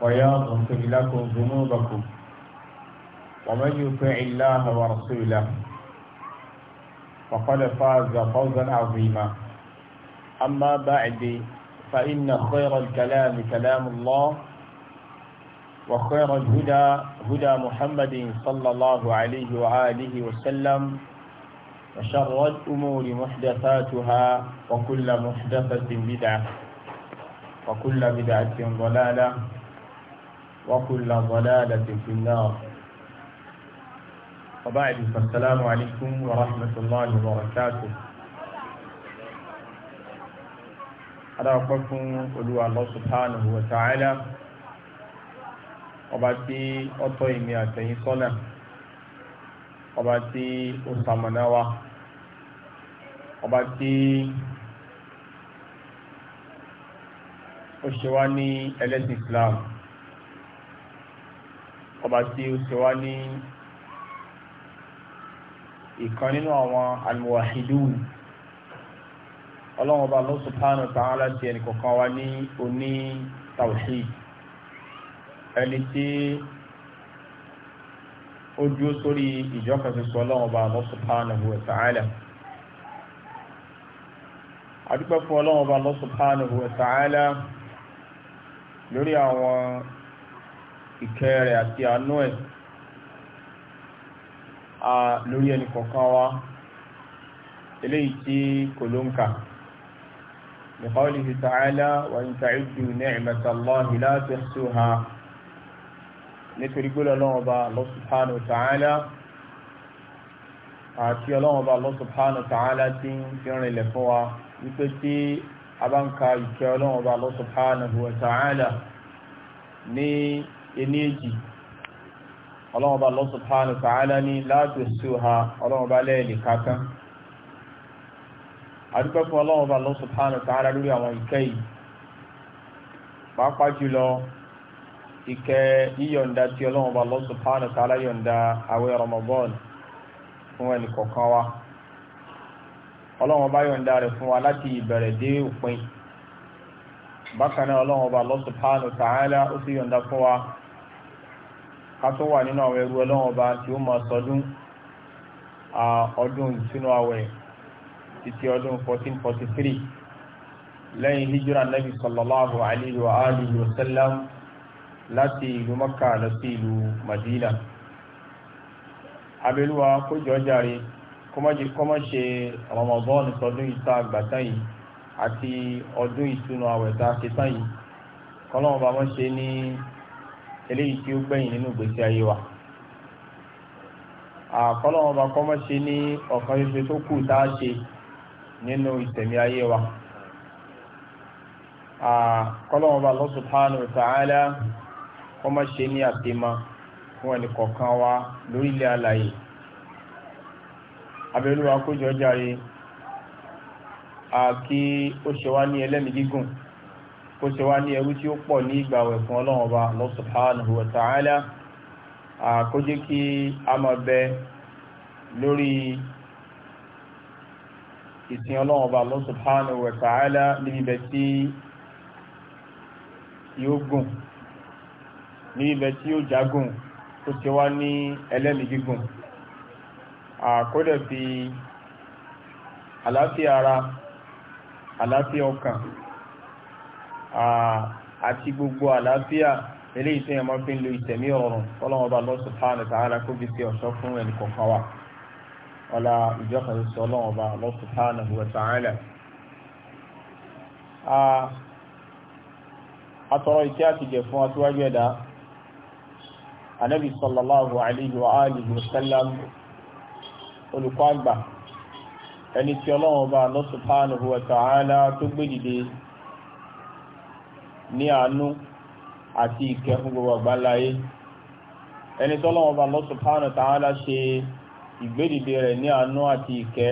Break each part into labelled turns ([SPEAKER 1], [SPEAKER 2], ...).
[SPEAKER 1] ويغفر لكم ذنوبكم ومن يطع الله ورسوله فقد فاز فوزا عظيما أما بعد فإن خير الكلام كلام الله وخير الهدى هدى محمد صلى الله عليه وآله وسلم وشر الأمور محدثاتها وكل محدثة بدعة وكل بدعة ضلالة وكل ضلالة في النار وبعد فالسلام عليكم ورحمة الله وبركاته adáwọ̀pẹ́kún olúwa Allah subhanahu wa ta'ala ọba tí ó tọ́ ìmì àtẹ̀yìn sọ́nà ọba tí ó ṣamọ̀nà wa ọba tí ó ṣe wá ní ẹlẹ́sìn Islam ọba tí ó ti wá ní ìkan nínú àwọn almuwahidun ọlọ́run ọba Allah subhanahu wa ta'ala ti ẹnì kọ̀ọ̀kan wá ní oní tawhid ẹni tí ó dúró sórí ìjọkànṣoṣo ọlọ́run ọba Allah subhanahu wa ta'ala adúpẹ́ fún ọlọ́run ọba Allah subhanahu wa ta'ala lórí àwọn ìkẹ́ rẹ̀ àti àánú ẹ̀ lórí ẹni kọ̀ọ̀kan wa eléyìí tí kò ló ń kà bi qawlihi ta'ala wa in ta'uddu ni'matallahi la tuhsuha nítorí gbọ́dọ̀ ọlọ́run ọba Allah subhanahu wa ta'ala àti rìnlẹ̀ fún wa wípé tí a bá ń ka ìkẹ́ ọlọ́run ọba Allah ní eléjì ọlọ́wọ́ba Allah subhanahu wa ta'ala ní láàtòsíwá ọlọ́wọ́ba lẹ́ẹ̀lì kankan àdúgbò fún ọlọ́wọ́ba Allah subhanahu wa ta'ala lórí àwọn ìkẹ́ yìí pàápàá jùlọ ìkẹ́ yíyọ̀ǹda tí ọlọ́wọ́ba Allah subhanahu rẹ̀ fún wa láti ìbẹ̀rẹ̀ dé òpin ó sì fún wa. ká tó wà nínú àwọn ẹrú ọlọ́run ọba tí ó máa sọdún ọdún ìtúnú àwẹ̀ títí ọdún 1443 lẹ́yìn hijira nabi sallallahu alayhi wa alihi wa sallam láti ìlú makka lọ sí ìlú madina abẹ́lúwa kó jọ jàre kọ́mọ́ ṣe ramadan sọdún ìta àgbàtán yìí àti ọdún ìtúnú àwẹ̀ tá a ṣe tán yìí ṣe ní eléyìí tí ó gbẹ̀yìn nínú ìgbésí ayé wa àkọlọ́wọ́n bá kọ́mọ́ ní ọ̀kan ṣoṣo tó kù tá a ṣe nínú ìtẹ̀mí ayé wa Kọlọmọba bá Allah subhanahu wa ta'ala ní àtìmọ́ fún wa lórílẹ̀ àlàyé abẹ́lúwa kójọ járe àkí ó ṣe wá ní ẹlẹ́mìí gígùn kó ṣe wá ní ẹrú tí ó pọ̀ ní ìgbà fún ọlọ́run ọba Allah subhanahu wa kí a máa bẹ lórí ìsìn ọlọ́run ọba wa níbibẹ̀ tí yóò gùn níbibẹ̀ tí yóò jágùn kó ṣe wá ní ara àlàáfíà ọkàn àti gbogbo àlàáfíà eléyìí tó yẹ máa fi ń lo ìtẹ̀mí ọ̀run ọlọ́run ọba subhanahu wa ta'ala kó fi ṣe ọ̀ṣọ́ fún ẹnì kọ̀ọ̀kan wa ọlá ìjọba ìṣọ ọlọ́run ọba subhanahu wa ta'ala. atọ́rọ ìkẹ́ àti jẹ fún aṣíwájú ẹ̀dá anabi sallallahu alayhi wa alihi wa sallam olùkọ́ àgbà ẹni tí ọlọ́run ọba subhanahu wa ta'ala tó gbé ní àánú àti ìkẹ́ fún gbogbo àgbáláyé ẹni tọ́lọ́wọ́n bá Allah subhanahu wa ta'ala ṣe ìgbédìde rẹ̀ ní àánú àti ìkẹ́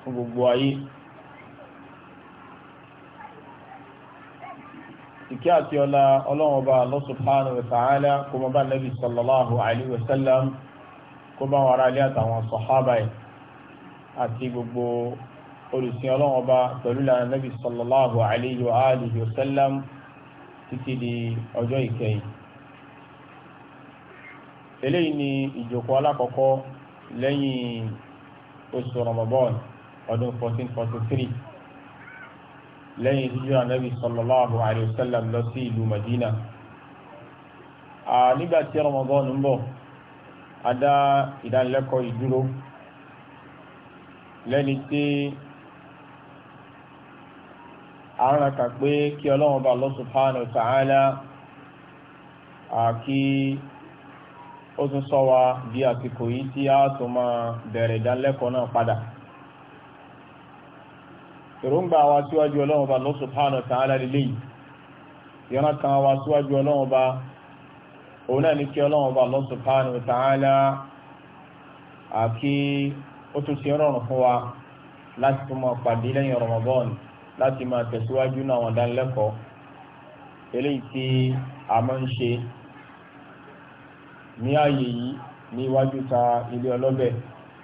[SPEAKER 1] fún gbogbo ayé ìkẹ́ àti ọlá ọlọ́wọ́n bá Allah subhanahu wa ta'ala kó mọ́ bá nabi sallallahu alayhi kó bá wọn ará àtàwọn sọ̀hábà àti gbogbo olùsìn ọlọ́wọ́n bá pẹ̀lú lànà nabi sallallahu alayhi títí di ọjọ́ ìkẹyìn eléyìí ni ìjòkó alákọ̀ọ́kọ́ lẹ́yìn oṣù Ramadan ọdún 1443 lẹ́yìn hijira nabi sallallahu alayhi wa sallam lọ sí ìlú Madina nígbà tí Ramadan ń bọ̀ a dá ìdánilẹ́kọ̀ọ́ ìdúró lẹ́ni tí. a na pé kí ọlọ́run bá Allah subhanahu wa ta'ala ó tún sọ wa di àsìkò yìí a tún máa bẹ̀rẹ̀ ìdánilẹ́kọ̀ọ́ náà padà èròǹgbà wa síwájú ọlọ́run bá Allah subhanahu wa ta'ala yìí yọ́nà kan wa síwájú ọlọ́run bá òun náà ní kí ọlọ́run bá Allah subhanahu wa ta'ala ó tún rọrùn fún wa láti tún láti máa tẹ̀síwájú náà àwọn ìdánilẹ́kọ̀ọ́ eléyìí tí a máa ń ṣe ní ààyè yìí ní iwájú ta ilé ọlọ́bẹ̀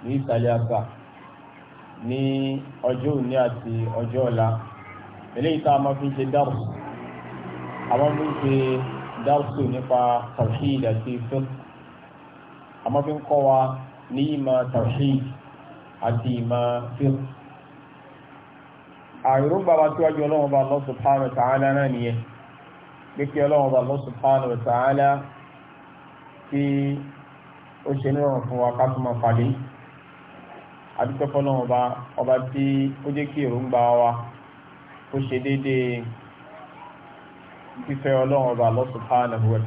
[SPEAKER 1] ní ìsàlẹ̀ àgbà ní ọjọ́ òní àti ọjọ́ ọ̀la eléyìí tá a máa fi ṣe dárùsù a máa fi ṣe dárùsù nípa tawhid àti fiqh a máa fi ń kọ́ wa ní ìmọ̀ tawhid àti ìmọ̀ fiqh àìrúgbà wa tíwájú ọlọ́run ọba Allah subhanahu wa ta'ala náà nìyẹn gbẹ́kẹ́ ọlọ́run ọba Allah subhanahu wa ta'ala tí ó ṣe nírọ̀rùn fún wa ká tún máa pàdé adúpẹ́fọ́ náà ọba ọba tí ó jẹ́ kí èròǹgbà wa ó ṣe déédéé fífẹ́ ọlọ́run ọba Allah subhanahu wa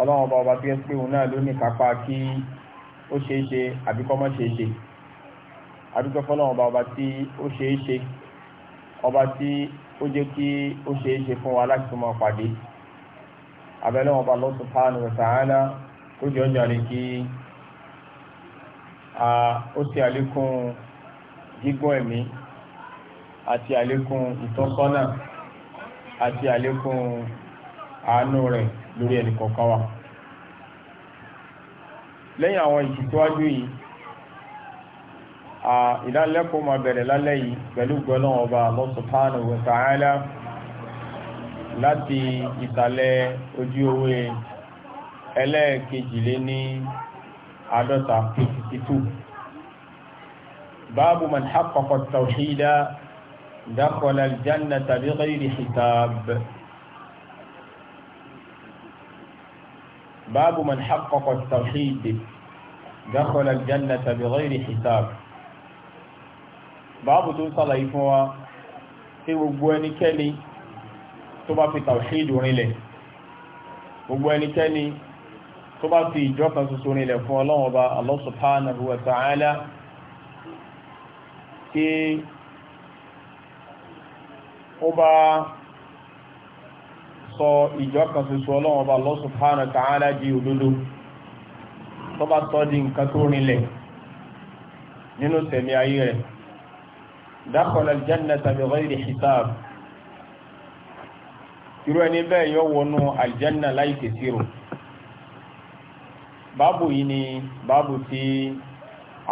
[SPEAKER 1] ọlọ́run ọba ọba tí ó pé òun náà ló kápá kí ó ṣeé ṣe àbí mọ́ ṣeé ṣe adúgbò fọlọ́run ọba ọba tí ó ṣe é ṣe ọba tí ó jẹ́ kí ó ṣe é ṣe fún wa láti tún máa pàdé abẹ́lẹ́ ọba Allah subhanahu wa ta'ala tó jẹ́ ọjà rẹ̀ kí ó ṣe àlékún gígùn ẹ̀mí àti àlékún ìtọ́sọ́nà àti àlékún àánú rẹ̀ lórí ẹnì wa lẹ́yìn àwọn ìṣìṣẹ́wájú yìí ìdánilẹ́kọ̀ọ́ máa bẹ̀rẹ̀ lálẹ́ yìí pẹ̀lú gbọ́lọ́ ọba Allah subhanahu wa ta'ala láti ìsàlẹ̀ ojú ewé ẹlẹ́ẹ̀kejì lé ní àádọ́ta fifty two báàbù man haqqaqa tawhida dakhala al-jannata bi ghayri hisab báàbù man haqqaqa tawhida dakhala al-jannata bi ghayri báàbù tó sàlàyé fún wa tí gbogbo ẹnikẹ́ni tó bá fi tàwíṣídù rinlẹ̀ gbogbo ẹnikẹ́ni tó bá fi ìjọ kan ṣoṣo rinlẹ̀ fún Ọlọ́run Ọba Allah subhanahu wa ta'ala tí ó bá sọ ìjọ kan ṣoṣo Ọlọ́run Ọba Allah subhanahu di òdodo tó bá sọ di nǹkan tó rinlẹ̀ nínú tẹ̀mí ayé rẹ̀ dakhala aljannata bi ghayri hisab irú ẹni bẹ́ẹ̀ yóò wọnú aljanna láì tẹ̀síro báàbù yìí ni báàbù tí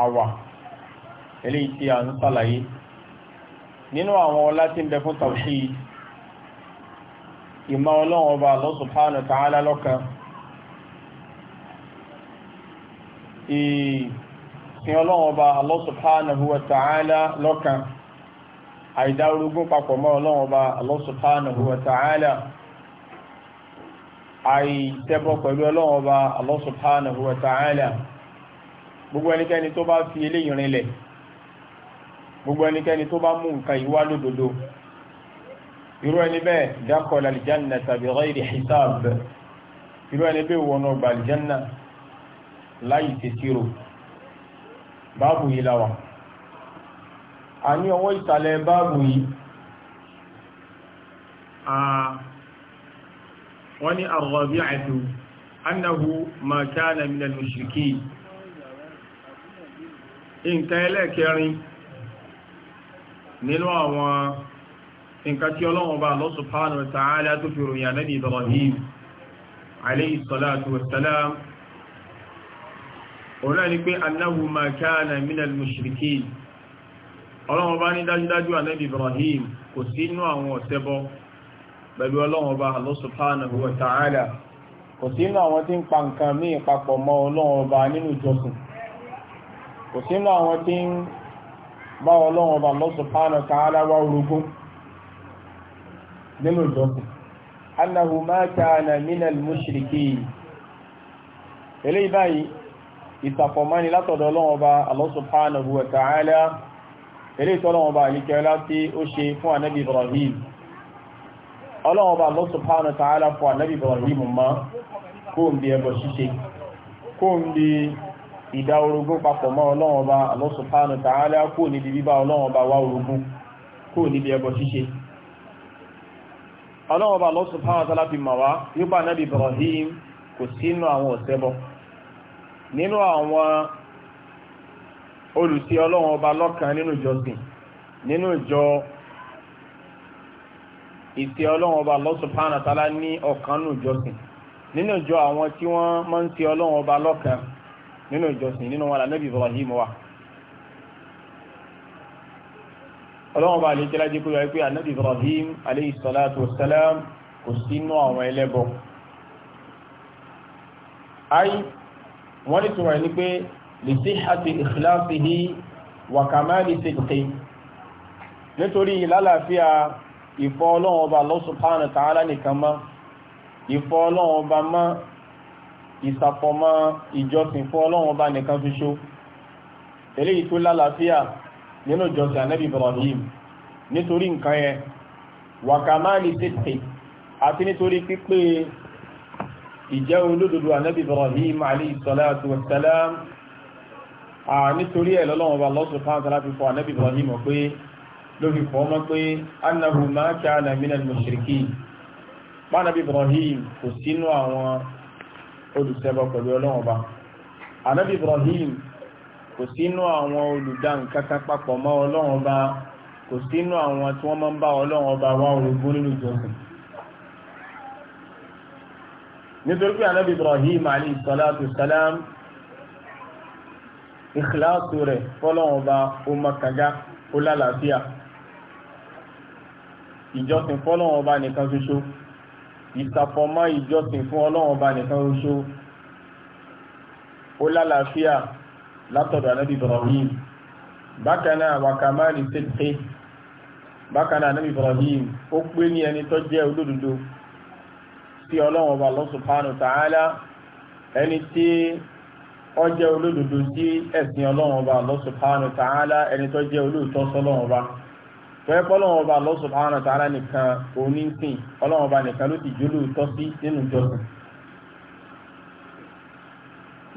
[SPEAKER 1] a wà eléyìí tí a ń sàlàyé nínú àwọn ọlá tí ń bẹ fún tawhid ìmọ̀ ọlọ́run ọba Allah subhanahu wa ta'ala lọ́kan ìsìn ọlọ́run ọba Allah subhanahu wa ta'ala lọ́kan àìdá orogún papọ̀ mọ́ ọlọ́run ọba Allah subhanahu wa ta'ala àìtẹ́bọ̀ pẹ̀lú ọlọ́run ọba Allah subhanahu wa ta'ala gbogbo ẹnikẹ́ni tó bá fi eléyìí rinlẹ̀ gbogbo ẹnikẹ́ni tó bá mú nǹkan ìwá lódodo irú ẹni bẹ́ẹ̀ dakhala al-jannata bi ghayri hisab irú ẹni bẹ́ẹ̀ wọnú ọgbà al-janna láì tẹ̀síro báàbù yìí láwàá a ní ọwọ́ ìsàlẹ̀ báàbù yìí wọ́n ní ar-rabi'atu annahu ma kana min al-mushrikin nǹkan ẹlẹ́ẹ̀kẹrin nínú àwọn nǹkan tí ọlọ́run bá Allah subhanahu wa ta'ala tó fi ròyìn ànábì Ibrahim alayhi salatu wa salam òun ni pé annahu ma kana min al-mushrikin ọlọ́run ọba ní dájúdájú ànábì Ibrahim kò sí inú àwọn ọ̀ṣẹbọ pẹ̀lú ọlọ́run ọba Allah subhanahu wa ta'ala kò sí inú àwọn tí ń pa nǹkan míì papọ̀ mọ́ ọlọ́run ọba nínú ìjọsìn kò sí inú àwọn tí ń bá ọlọ́run ọba Allah subhanahu wá orogún ilé ìtọ́lọ́wọ́n bá àlíkẹ́ ọlá tí ó ṣe fún ànábì Ibrahim ọlọ́wọ́n bá Allah subhanahu wa ta'ala fún ànábì Ibrahim ma kó ń bí ẹbọ ṣíṣe kó ń bí ìdá orogún papọ̀ mọ́ ọlọ́wọ́n bá Allah subhanahu wa ta'ala kó níbi bíbá ọlọ́wọ́n bá wá orogún kó níbi ẹbọ ṣíṣe Ibrahim kò sínú àwọn ọ̀sẹ́bọ olùsí ọlọ́run ọba lọ́kan nínú ìjọsìn nínú ìjọ ìsí ọlọ́run ọba Allah subhanahu wa ta'ala ní ọ̀kan nínú ìjọsìn nínú ìjọ àwọn tí wọ́n máa ń sí ọlọ́run ọba lọ́kan nínú ìjọsìn nínú wọn lànàbí Ibrahim wa ọlọ́run ọba àlejò lájẹ́ kó yọ pé ànàbí Ibrahim alayhi salatu wa salam kò sínú àwọn ẹlẹ́bọ. ayi wọ́n ní tiwọn ni pé lisihati ikhlasihi wa kamali sidqi nítorí ìlàlàáfíà ìfọ́ ọlọ́run ọba Allah subhanahu wa ta'ala nìkan mọ́ ìfọ́ ọlọ́run ọba mọ́ ìsàfọ̀mọ́ ìjọsìn fún ọlọ́run ọba nìkan ṣoṣo eléyìí tó lálàáfíà nínú ìjọsìn ànábì Ibrahim nítorí nǹkan yẹn wa kamali sidqi àti nítorí pípé ìjẹ́ olódodo ànábì Ibrahim alayhi salatu wassalam nítorí ẹ̀ lọ́lọ́wọ́ bá lọ́sùn fún àtàlá fi fọ ànábì Ibrahim pé ló fi fọ́ mọ́ pé annahu ma kana minal mushrikin mánàbí Ibrahim kò sínú àwọn olùṣẹbọ pẹ̀lú ọlọ́wọ́ bá ànábì Ibrahim kò sínú àwọn olùdá nǹkan kan ìkìláàsù rẹ̀ fọ́lọ́wọ́n bá ó mọ́kànjá ó lálàáfíà ìjọsìn fọ́lọ́wọ́n bá nìkan ṣoṣo ìsàfọ̀mọ́ ìjọsìn fún ọlọ́wọ́n bá nìkan ṣoṣo ó lálàáfíà látọ̀dọ̀ anábì Ibrahim bákanáà wàkàmáàlì tẹ́tẹ́ bákanáà anábì Ibrahim ó pé ní ẹni tó jẹ́ olódodo sí ọlọ́wọ́n ba Allah subhanahu wa ta'ala ẹni tí ọjẹ́ olódodo sí ẹ̀sìn ọlọ́run ọba Allah subhanahu wa ta'ala ẹni tó jẹ́ olóòótọ́ sọ́lọ́run ọba pẹ́ẹ́pọ́ ọlọ́run ọba Allah subhanahu wa ta'ala nìkan onísìn ọlọ́run ọba nìkan ló ti jó lóòótọ́ sí nínú ìjọsìn.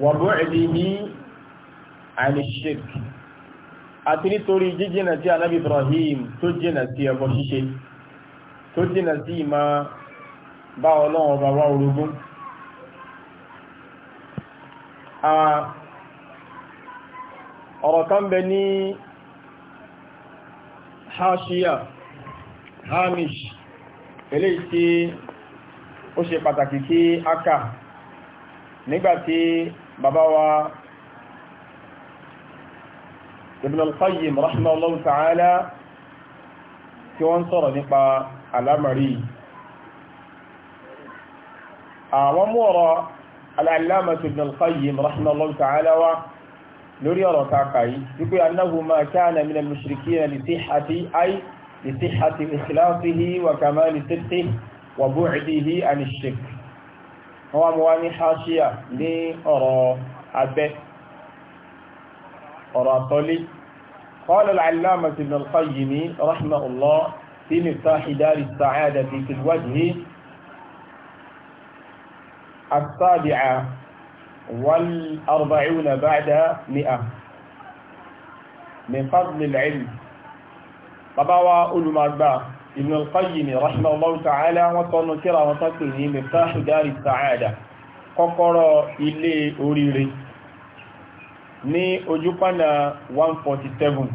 [SPEAKER 1] wàbọ̀ ẹ̀dì ní àìlèṣèk àti nítorí jíjìnà tí anábì Ibrahim tó jìnà sí ẹbọ ṣíṣe tó jìnà sí ìmọ̀ bá ọlọ́run ọba wá orogún ọ̀rọ̀ kan bẹ ní hashiya hamish eléyìí tí ó ṣe pàtàkì kí aka nígbàtí bàbá wa ibn al-qayyim rahimahullahu ta'ala tí wọ́n sọ̀rọ̀ nípa alamari àwọn mú ọ̀rọ̀ al-allamah ibn al-qayyim rahimahullah ta'ala wa lórí ọ̀rọ̀ kàkà yìí wípé annahu ma kana min al-mushrikina li sihhati ay li sihhati ikhlasihi wa kamali sidqihi wa bu'dihi an ash-shirk wọ́n wá mú wá ní haṣíyà ní ọ̀rọ̀ abẹ́ ọ̀rọ̀ àtọ́lé قال العلامة ابن القيم رحمه الله في مفتاح دار في الوجه السابعة والأربعون بعد مئة من فضل العلم طبعا أولو مجبع ابن القيم رحمه الله تعالى وطن كرا وطنه مفتاح دار السعادة kọ́kọ́rọ́ ilé oríire ní ojúpánà 147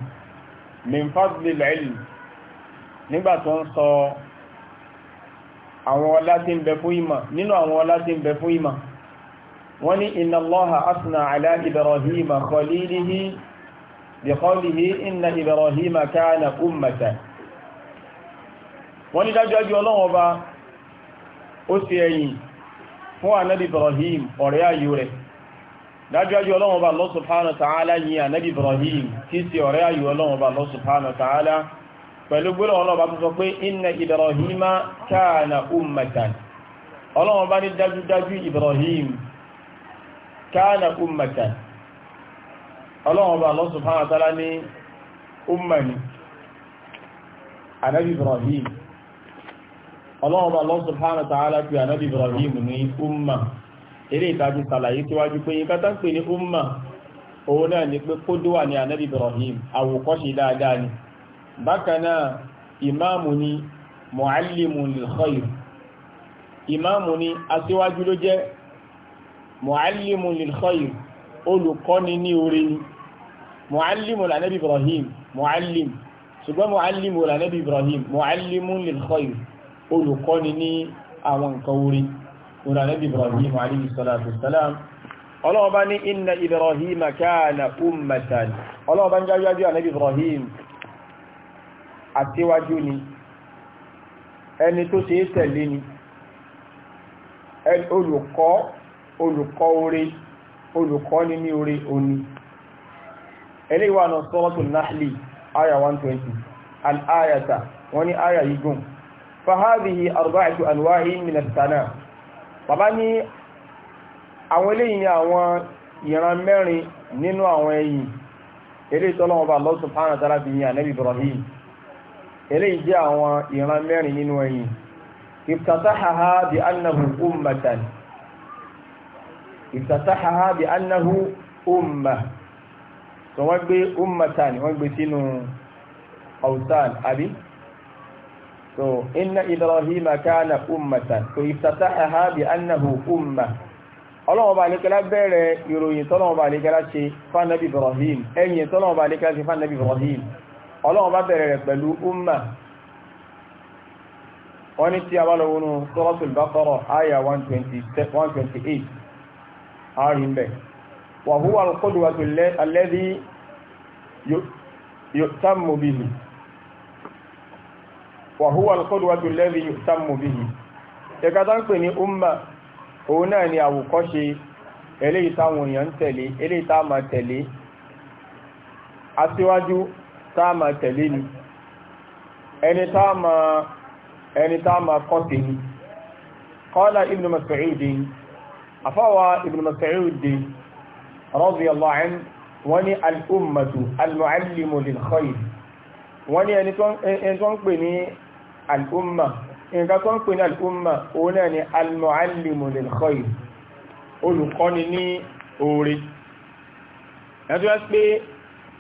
[SPEAKER 1] min fadlil ilm nígbà tó ń sọ àwọn ọlá tí ń bẹ fún ìmọ̀ nínú àwọn ọlá tí ń bẹ fún ìmọ̀ wọ́n ní inna Allaha asna ala Ibrahima khalilihi bi qawlihi inna Ibrahima kana ummatan wọ́n ní dájúdájú Ọlọ́run Ọba ó ṣe ẹ̀yìn fún pẹ̀lú gbọ́lọ̀ ọlọ́ọ̀bá tó sọ pé inna Ibrahima kana ummatan ọlọ́wọ́n bá ní dájúdájú Ibrahim kana ummatan ọlọ́wọ́n bá Allah subhanahu wa ta'ala ní ummani anabi Ibrahim ọlọ́wọ́n bá Allah subhanahu wa ta'ala Ibrahim ní umma eré ìtajú sàlàyé tíwájú pé yíká tán pè ní umma òun náà ni pé kódówà ní anabi Ibrahim àwòkọ́ṣe dáadáa ni bákanáà ìmáàmù ni mọ̀álìmù lìlkọ́ìrì ìmáàmù ni aṣíwájú ló jẹ́ mọ̀álìmù lìlkọ́ìrì olùkọ́ni ní orí ni mọ̀álìmù lànẹ́bí Ibrahim mọ̀álìmù ṣùgbọ́n mọ̀álìmù lànẹ́bí Ibrahim mọ̀álìmù lìlkọ́ìrì olùkọ́ni ní àwọn nǹkan orí lànẹ́bí Ibrahim alayhi salatu wassalam ọlọ́ọ̀bá ní inna Ibrahim ọlọ́ọ̀bá ń jáwájú ànẹ́bí Ibrahim àtíwájú ni ẹni tó ṣe tẹ̀lé ni olùkọ́ olùkọ́ orí olùkọ́ ní ní orí oní eléyìí wà náà suratul Nahli aya 120 al'ayata wọ́n ní aya yìí gùn fahadihi arba'atu anwa'i bàbá ní àwọn ni àwọn ìran mẹ́rin nínú àwọn ẹ̀yìn eré tọ́lọ́wọ́ bá Allah subhanahu wa ta'ala bí i eléyìí jẹ́ àwọn ìran mẹ́rin nínú ẹ̀yìn iftatahaha bi annahu ummatan iftatahaha bi annahu umma so wọ́n gbé ummatan wọ́n gbé sínú awsan àbí so inna ibrahima kana ummatan so iftatahaha bi annahu umma ọlọ́wọ́n bá níkẹ́lá bẹ̀rẹ̀ ìròyìn tọ́lọ́wọ́n bá níkẹ́lá ṣe fánàbí ibrahim ẹ̀yìn tọ́lọ́wọ́n bá níkẹ́lá ṣe fánàbí ibrahim ọlọ́run bá bẹ̀rẹ̀ rẹ̀ pẹ̀lú umma wọ́n ní tí a bá lọ́wọ́nú Suratul Baqara àyà 128 àárín bẹ̀ wa huwa al-qudwatu alladhi yu'tammu bihi wa huwa al-qudwatu alladhi yu'tammu bihi ẹ̀ka tá ń pè ní umma òun táàmà tẹ̀lé ni ẹni táàmà ẹni táàmà kọ́tẹ̀ ni qala ibn Mas'ud afáwà ibn Mas'ud radiyallahu anhu wọ́n ni al'ummatu al-mu'allimu lil khayr wọ́n ni ẹni tó ń pè ní al'umma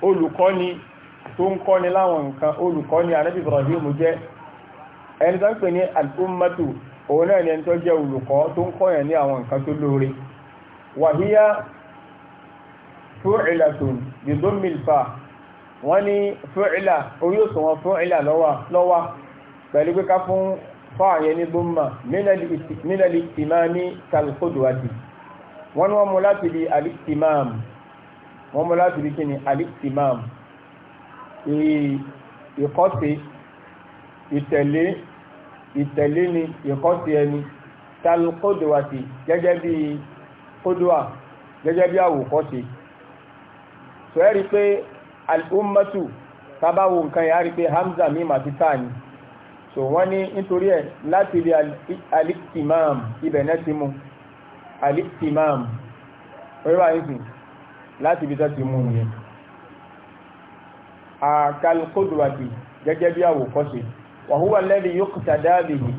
[SPEAKER 1] olùkọ́ni tó ń kọ́ni láwọn nǹkan olùkọ́ni anábì Ibrahim jẹ́ ẹni tó ń pè ní al-ummatu òun náà ni ẹni tó jẹ́ olùkọ́ tó ń kọ́yàn ní àwọn nǹkan tó lóore wàhíyá fu'ilatun bi dhammil fa wọ́n ní fu'ila orí òṣùwọ̀n fu'ila lọ́wà pẹ̀lú pé ká fún fáàyẹ ìkọ́sí ìtẹ̀lé ìtẹ̀lé ni ìkọ́sí ẹni tàbí kódùwà sí gẹ́gẹ́ bí kódùwà gẹ́gẹ́ bí àwòkọ́sí so ẹ́rí pé al'ummatu tabawo nǹkan ya rí pé hamza mi ma ti táà ni so wọ́n ní nítorí ẹ̀ láti rí alikimam ibẹ̀ náà ti mú alikimam orí bá yìí láti ibi tó ti mú nìyẹn àkàlùkòdùwàtì gẹ́gẹ́ bí àwòkọ́ṣe wàhúwà lẹ́bí yóò kùtà dáàbì yìí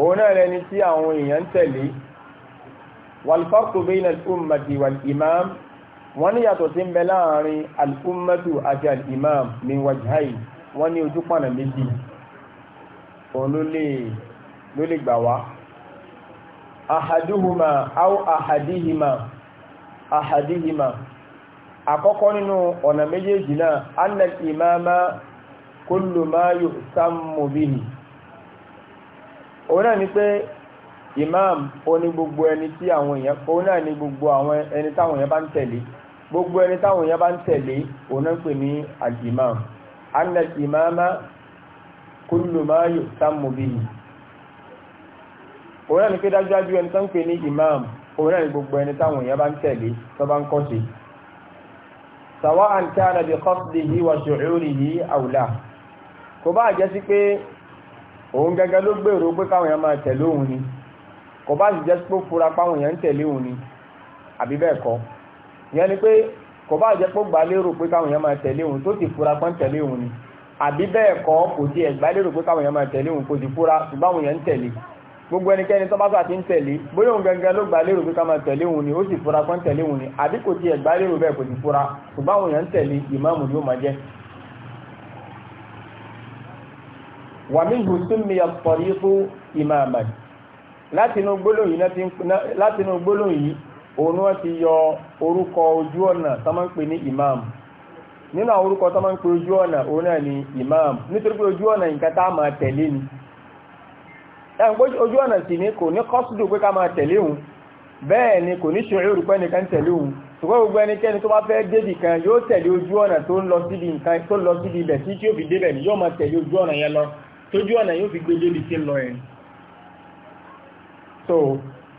[SPEAKER 1] òun náà rẹni tí àwọn èèyàn tẹ̀lé wàlfàkù bẹ́yìn al'ummati wal imam wọ́n ní yàtọ̀ sí ń bẹ láàrin al'ummatu àti al'imam ní wajhai wọ́n ní ojú pọ̀nà méjì òun ló lè gbà wá ahadihima ahadihima àkọ́kọ́ nínú ọ̀nà méjèèjì náà annal imama kullu ma yusammu bihi òun náà ni pé imam ó ní gbogbo ẹni tí àwọn èèyàn òun náà ni gbogbo àwọn ẹni táwọn èèyàn bá ń tẹ̀lé gbogbo ẹni táwọn èèyàn bá ń tẹ̀lé òun pè ní al-imam annal imama kullu ma yusammu bihi òun náà ni pé dájúdájú ẹni tó pè ní imam òun náà ni gbogbo ẹni táwọn èèyàn bá ń tẹ̀lé tó bá ń kọ́ sí i sawa'an kana bi qasdihi wa shu'urihi aw la kò bá jẹ́ sí pé òun gẹ́gẹ́ ló gbèrò pé káwọn èèyàn máa tẹ̀lé òun ni kò bá sì jẹ́ sí pé ó fura páwọn èèyàn ń tẹ̀lé òun ni àbí bẹ́ẹ̀ kọ́ ìyẹn ni pé kò bá jẹ́ pé ó gbà lérò pé káwọn èèyàn máa tẹ̀lé òun tó ti fura pọ́n tẹ̀lé òun ni àbí bẹ́ẹ̀ kọ́ kò tiẹ̀ gbà lérò pé káwọn èèyàn máa tẹ̀lé òun kò ti fura ṣùgbọ́n àwọn èèyàn ń tẹ̀lé gbogbo ẹnikẹ́ni tó bá sà ti ń tẹ̀lé bóyá òun gangan ló gbà lérò pé ká máa tẹ̀lé òun ni ó sì fura pé ń tẹ̀lé òun ni àbí kò tiẹ̀ gbà lérò bẹ́ẹ̀ kò sì fura ṣùgbọ́n àwọn èèyàn ń tẹ̀lé ìmáàmù ni ó máa jẹ́. wàmíhù súnmi ọ̀pọ̀rí fún ìmáàmù látinú gbólóhùn yìí òun wọ́n ti yọ orúkọ ojú ọ̀nà tó máa ń pè ní ìmáàmù nínú àwọn orúkọ tó máa ń pè ojú ọ̀nà òun náà ni ìmáàmù nítorí pé ojú ọ̀nà nǹkan tá a máa tẹ̀lé ni ẹ̀kọ́ ojú ọ̀nà sì ní kò ní kọ́sùdù pé ká máa tẹ̀lé òun bẹ́ẹ̀ ni kò ní ṣòro rúpẹ́ nìkan tẹ̀lé òun ṣùgbọ́n gbogbo ẹnikẹ́ni tó bá fẹ́ débì kan yóò tẹ̀lé ojú ọ̀nà tó ń lọ síbi nǹkan tó lọ síbi ibẹ̀ tí tí ó fi débẹ̀ ni yóò máa tẹ̀lé ojú ọ̀nà yẹn lọ tójú ọ̀nà yóò fi gbé débi tí ń lọ yẹn. so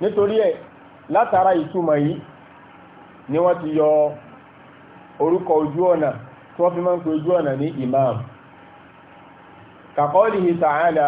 [SPEAKER 1] nítorí ẹ̀ látara ìtumọ̀ yìí ni wọ́n ti yọ orúkọ ojú ọ̀nà tí wọ́n fi máa ń pe ojú ọ̀nà ní imam kàkọ́ọ̀lì ta'ala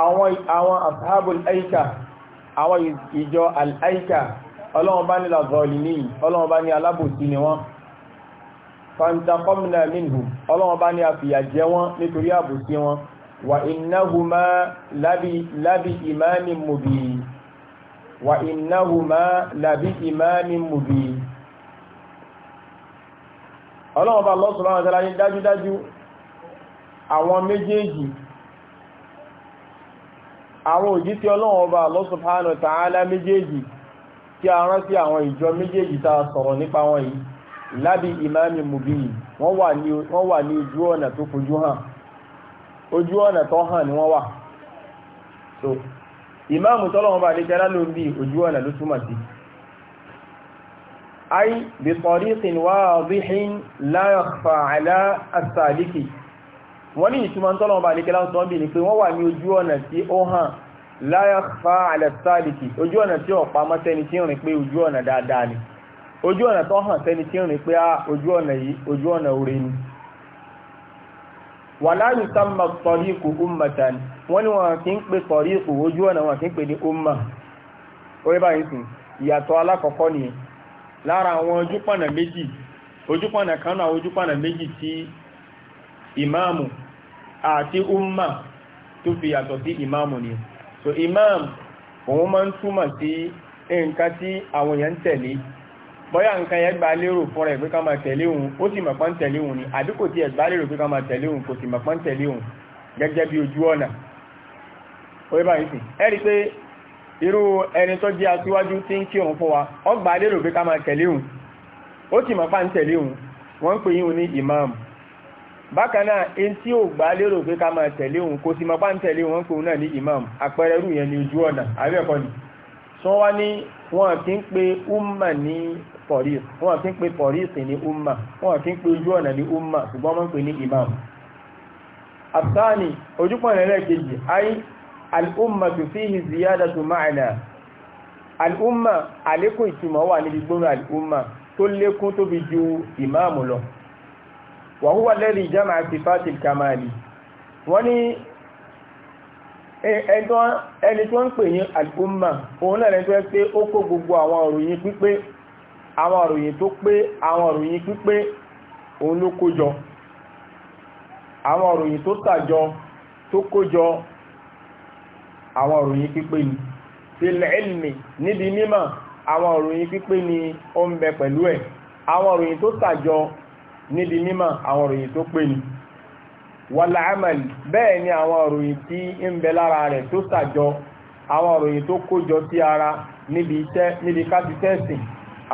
[SPEAKER 1] àwọn àwọn ashabul aika àwọn ìjọ al-aika ọlọ́wọ́n bá ní lazọ́ọ̀lì ní ọlọ́wọ́n bá ní alábòsí ni wọ́n fantaqamna minhum ọlọ́wọ́n bá ní àfìyàjẹ́ wọn nítorí àbòsí wọn wa innahuma labi imamin mubin àwọn òjísí ọlọ́run ọba Allah subhanahu wa ta'ala méjèèjì tí a rán sí àwọn ìjọ méjèèjì tá a sọ̀rọ̀ nípa wọn yìí lábí ìmáàmì mùbí wọ́n wà ní ojú ọ̀nà tó fojú hàn ojú ọ̀nà tó hàn ni wọ́n wà so ìmáàmù tọ́lọ́run bá lè jẹ́rá ló ń bí ojú ọ̀nà ló túmọ̀ sí ay bi wọ́n ní ìtumọ̀ tọ́lọ̀ ọba àdíkẹ́lá ń sọ́ọ́bì ni pé wọ́n wà ní ojú ọ̀nà tí ó hàn la yakhfa ala saliki ojú ọ̀nà tí ó pamọ́ sẹ́ni tí ń rìn pé ojú ọ̀nà dáadáa ni ojú ọ̀nà tó hàn sẹ́ni tí ń rìn pé ah, ojú ọ̀nà yìí ojú ọ̀nà oore ni wala yusamma tariqu ummatan wọ́n ní wọn kì í pe tariqu ojú ọ̀nà wọn kì í pe ní umma orí báyìí sìn ìyàtọ̀ alákọ̀ọ́kọ́ nìyẹn lára àwọn ojúpọ̀nà méjì ojúpọ̀nà kan náà ojúpọ̀nà méjì tí imamu àti umma tó fi yàtọ̀ sí ni so imam òun ma ń túmọ̀ sí nǹkan tí àwọn èèyàn tẹ̀lé bóyá nǹkan yẹn gbà lérò fún rẹ̀ pé ká máa tẹ̀lé òun ó sì mọ̀ pọ́n tẹ̀lé òun ni àbí kò tiẹ̀ gbà lérò pé ká máa tẹ̀lé òun kò sì tẹ̀lé òun gẹ́gẹ́ bí ojú ẹni tó jẹ́ aṣíwájú tí ń fún wa ọ gbà lérò pé ká máa tẹ̀lé òun ó sì tẹ̀lé òun wọ́n ń bákan náà in tí ò gbà lérò pé ká máa tẹ̀lé òun kò sí mọ́pá ń tẹ̀lé wọn pé náà ní imam àpẹẹrẹ rú yẹn ní ojú ọ̀nà àbẹ́ẹ̀kọ́ ni tí wọ́n wá ní wọn kì í pe umma ní tọ̀rìs wọn kì í pe tọ̀rìs ní umma wọn kì í pe ojú ọ̀nà ní umma ṣùgbọ́n wọ́n pè ní imam. àtàní ojúpọ̀n ẹlẹ́ẹ̀kejì ayé al'umma tó fi hì ziyada tó al'umma àlékún ìtumọ̀ wà níbi gbóná al'umma tó lékún tóbi ju imam lọ wàhúwà lẹ́rìí jama sifati kamali wọ́n ní ẹni tó ń pè ní al'umma òun náà lẹ́tọ́ pé ó kó gbogbo àwọn òròyìn pípé àwọn òròyìn tó pé àwọn òròyìn pípé òun ló kójọ àwọn òròyìn tó tàjọ tó kójọ àwọn òròyìn pípé ni fil ilmi níbi mímọ̀ àwọn òròyìn pípé ni ó ń bẹ pẹ̀lú ẹ̀ àwọn òròyìn tó níbi mímọ̀ àwọn òròyìn tó pè ní wàlá àmàlì bẹ́ẹ̀ ni àwọn òròyìn tí ń bẹ lára rẹ̀ tó sàjọ àwọn òròyìn tó kójọ sí ara níbi iṣẹ́ níbi kásítẹ́sì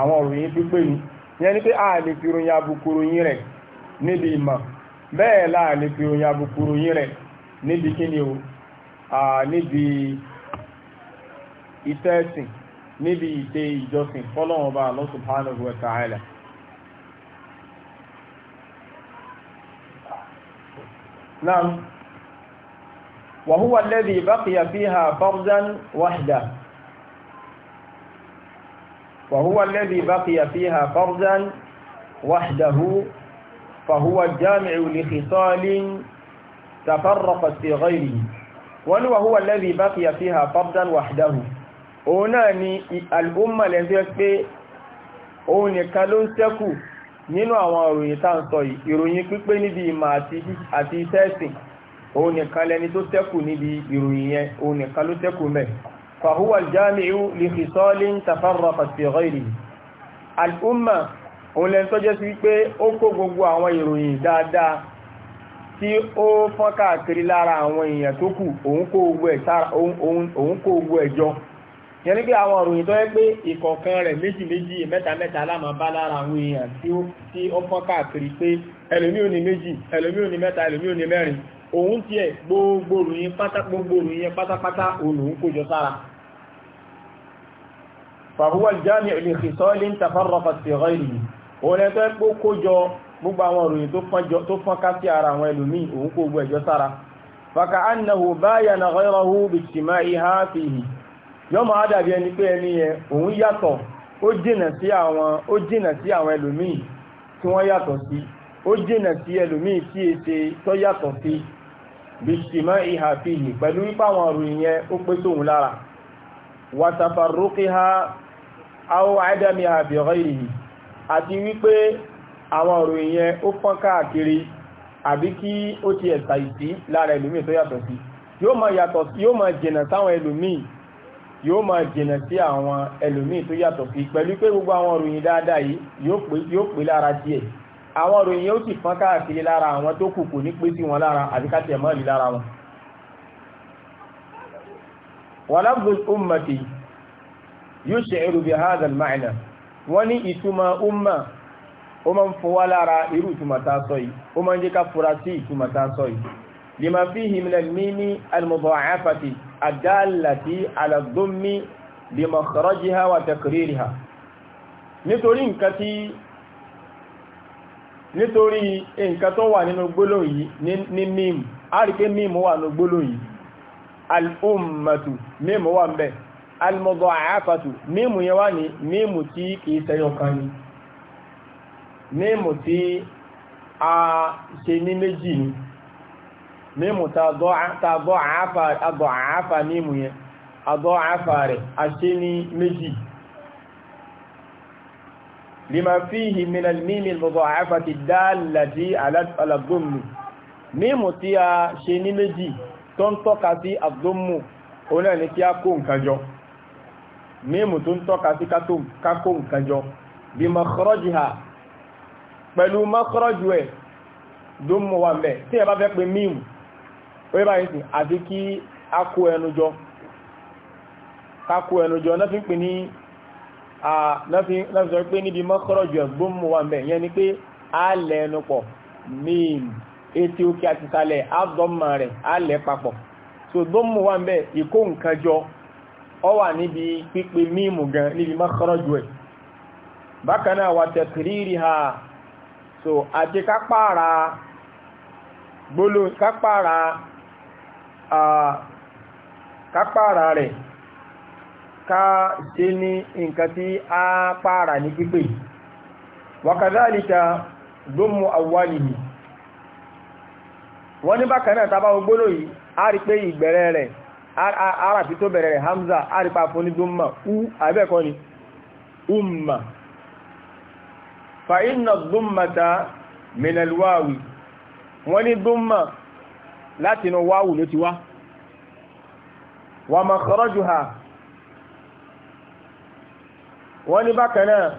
[SPEAKER 1] àwọn òròyìn tó pè ní yẹn ni pé a lè fi ròyìn àbùkù ròyìn rẹ̀ níbi ìmọ̀ bẹ́ẹ̀ láà lè fi ròyìn àbùkù ròyìn rẹ̀ níbi kí ni o níbi ìtẹ́sìn níbi ìtẹ́ ìjọsìn fọ́lọ́wọ́n bá Allah subhanahu نعم وهو الذي بقي فيها فردا وحده وهو الذي بقي فيها فردا وحده فهو الجامع لخصال تفرقت في غيره ولو هو الذي بقي فيها فردا وحده هنا الأمة التي òun nìkan ló ń sẹ́kù nínú àwọn ìròyìn tá ń sọ yìí ìròyìn pípé níbi ìmọ̀ àti iṣẹ́ ẹ̀sìn òun nìkan lẹni tó tẹ́kù níbi ìròyìn yẹn òun nìkan ló tẹ́kù mẹ́ fàhúwà jámi'u li khisalin tafarraqat fi ghayrihi al'umma òun lẹni tó jẹ́ sí pé ó kó gbogbo àwọn ìròyìn dáadáa tí ó fọ́n káàkiri lára àwọn yẹni pé àwọn òròyìn tó yẹ pé ìkọ̀ọ̀kan rẹ̀ méjì méjì mẹ́ta mẹ́ta aláma bá lára àwọn èèyàn tí ó fọ́n káàkiri pé ẹlòmí ò ní méjì ẹlòmí ò ní mẹ́ta ẹlòmí ò ní mẹ́rin òun tiẹ̀ gbogbo òròyìn pátápátá yọ́ máa dàbí ẹni pé ẹni yẹn òun yàtọ̀ ó jìnà sí àwọn ó jìnà sí àwọn ẹlòmíì tí wọ́n yàtọ̀ sí ó jìnà sí ẹlòmíì tí ète tó yàtọ̀ sí bí ṣìmọ́ ìhà fìhì pẹ̀lú wípé àwọn ọ̀rọ̀ yẹn ó pé sóhun lára wàtàfà rókè ha àwọn àádámi àbẹ̀rẹ̀ ìhì àti wípé àwọn ọ̀rọ̀ yẹn ó pọ́n káàkiri àbí kí ó ti ẹ̀sà ìsí lára ẹlòmíì tó yàtọ̀ sí yóò máa jìnà sáwọn ẹlòmíì yóò máa jìnà sí àwọn ẹlòmíì tó yàtọ̀ sí pẹ̀lú pé gbogbo àwọn òròyìn dáadáa yìí yóò pè lára tiẹ̀ àwọn òròyìn yóò sì fọ́n káàkiri lára àwọn tó kù kò ní pé sí wọn lára àbí ká tiẹ̀ mọ́ rí lára wọn. wàlábù ummati yushiru bi hadha al-ma'na wọ́n ní ìtumọ̀ umma ó máa ń fún wa lára irú ìtumọ̀ tá a sọ yìí ó máa ń jẹ́ ká fura sí ìtumọ̀ tá a sọ yìí lima fihi min al-mini al-mudha'afati àdáàlàtí alàgbómi bí mọ̀kọ̀rọ̀jíhá wà tẹ̀kìrìrìhá nítorí nǹkan tí nítorí nǹkan tó wà nínú gbólóhùn yìí ní mímù a rí pé mímù wà nínú gbólóhùn yìí al'ummatu mímù wà ń bẹ al mímù yẹn wà ní mímù tí kìí ṣẹyọkan ni mímù tí a ṣe ní méjì ni mímù tàbọ̀ àáfà mímù yẹn àbọ̀ àáfà rẹ̀ aṣe ní méjì lima fíhì minal mímì lọ́bọ̀ àáfà ti dáàlàdí alàgbòmù mímù tí a ṣe ní méjì tó ń tọ́ka sí àgbòmù oná ní kí a kó nǹkan jọ mímù tó ń tọ́ka sí ká kó nǹkan jọ bí makhrajiha pẹ̀lú makhraju ẹ̀ dómù wà mẹ́ tí ẹ bá fẹ́ pe mímù wọ́n bá yìí sí àti kí a kó ẹnu jọ ká ẹnu jọ náà fi ń pè ní náà fi sọ pé níbi mọ́kọ́rọ̀ jù yẹn ni pé a lẹ ẹnu pọ̀ mím etí òkè àti sàlẹ̀ àdọ́mà rẹ̀ a lẹ papọ̀ so dọ́mù wa mẹ́ ìkó nǹkan ọ wà níbi pípe mímù gan níbi ẹ̀ bákan náà wà tẹ̀kìrìrì ha so àti gbólóhùn ká pààrà rẹ̀ ka ṣe ní nǹkan tí a pààrà ní pípé wakadhalika dómù awwalihi wọ́n ní bákanáà tàbá ogbóló yìí a rí yi ìgbẹ̀rẹ̀ rẹ̀ arafi tó bẹ̀rẹ̀ rẹ̀ hamza a rí pa fún ní ni umma fa inna dómà ta minalwawi wọ́n ní láti inú wáwù ló ti wá wà makhrajuha wọ́n ní bákanáà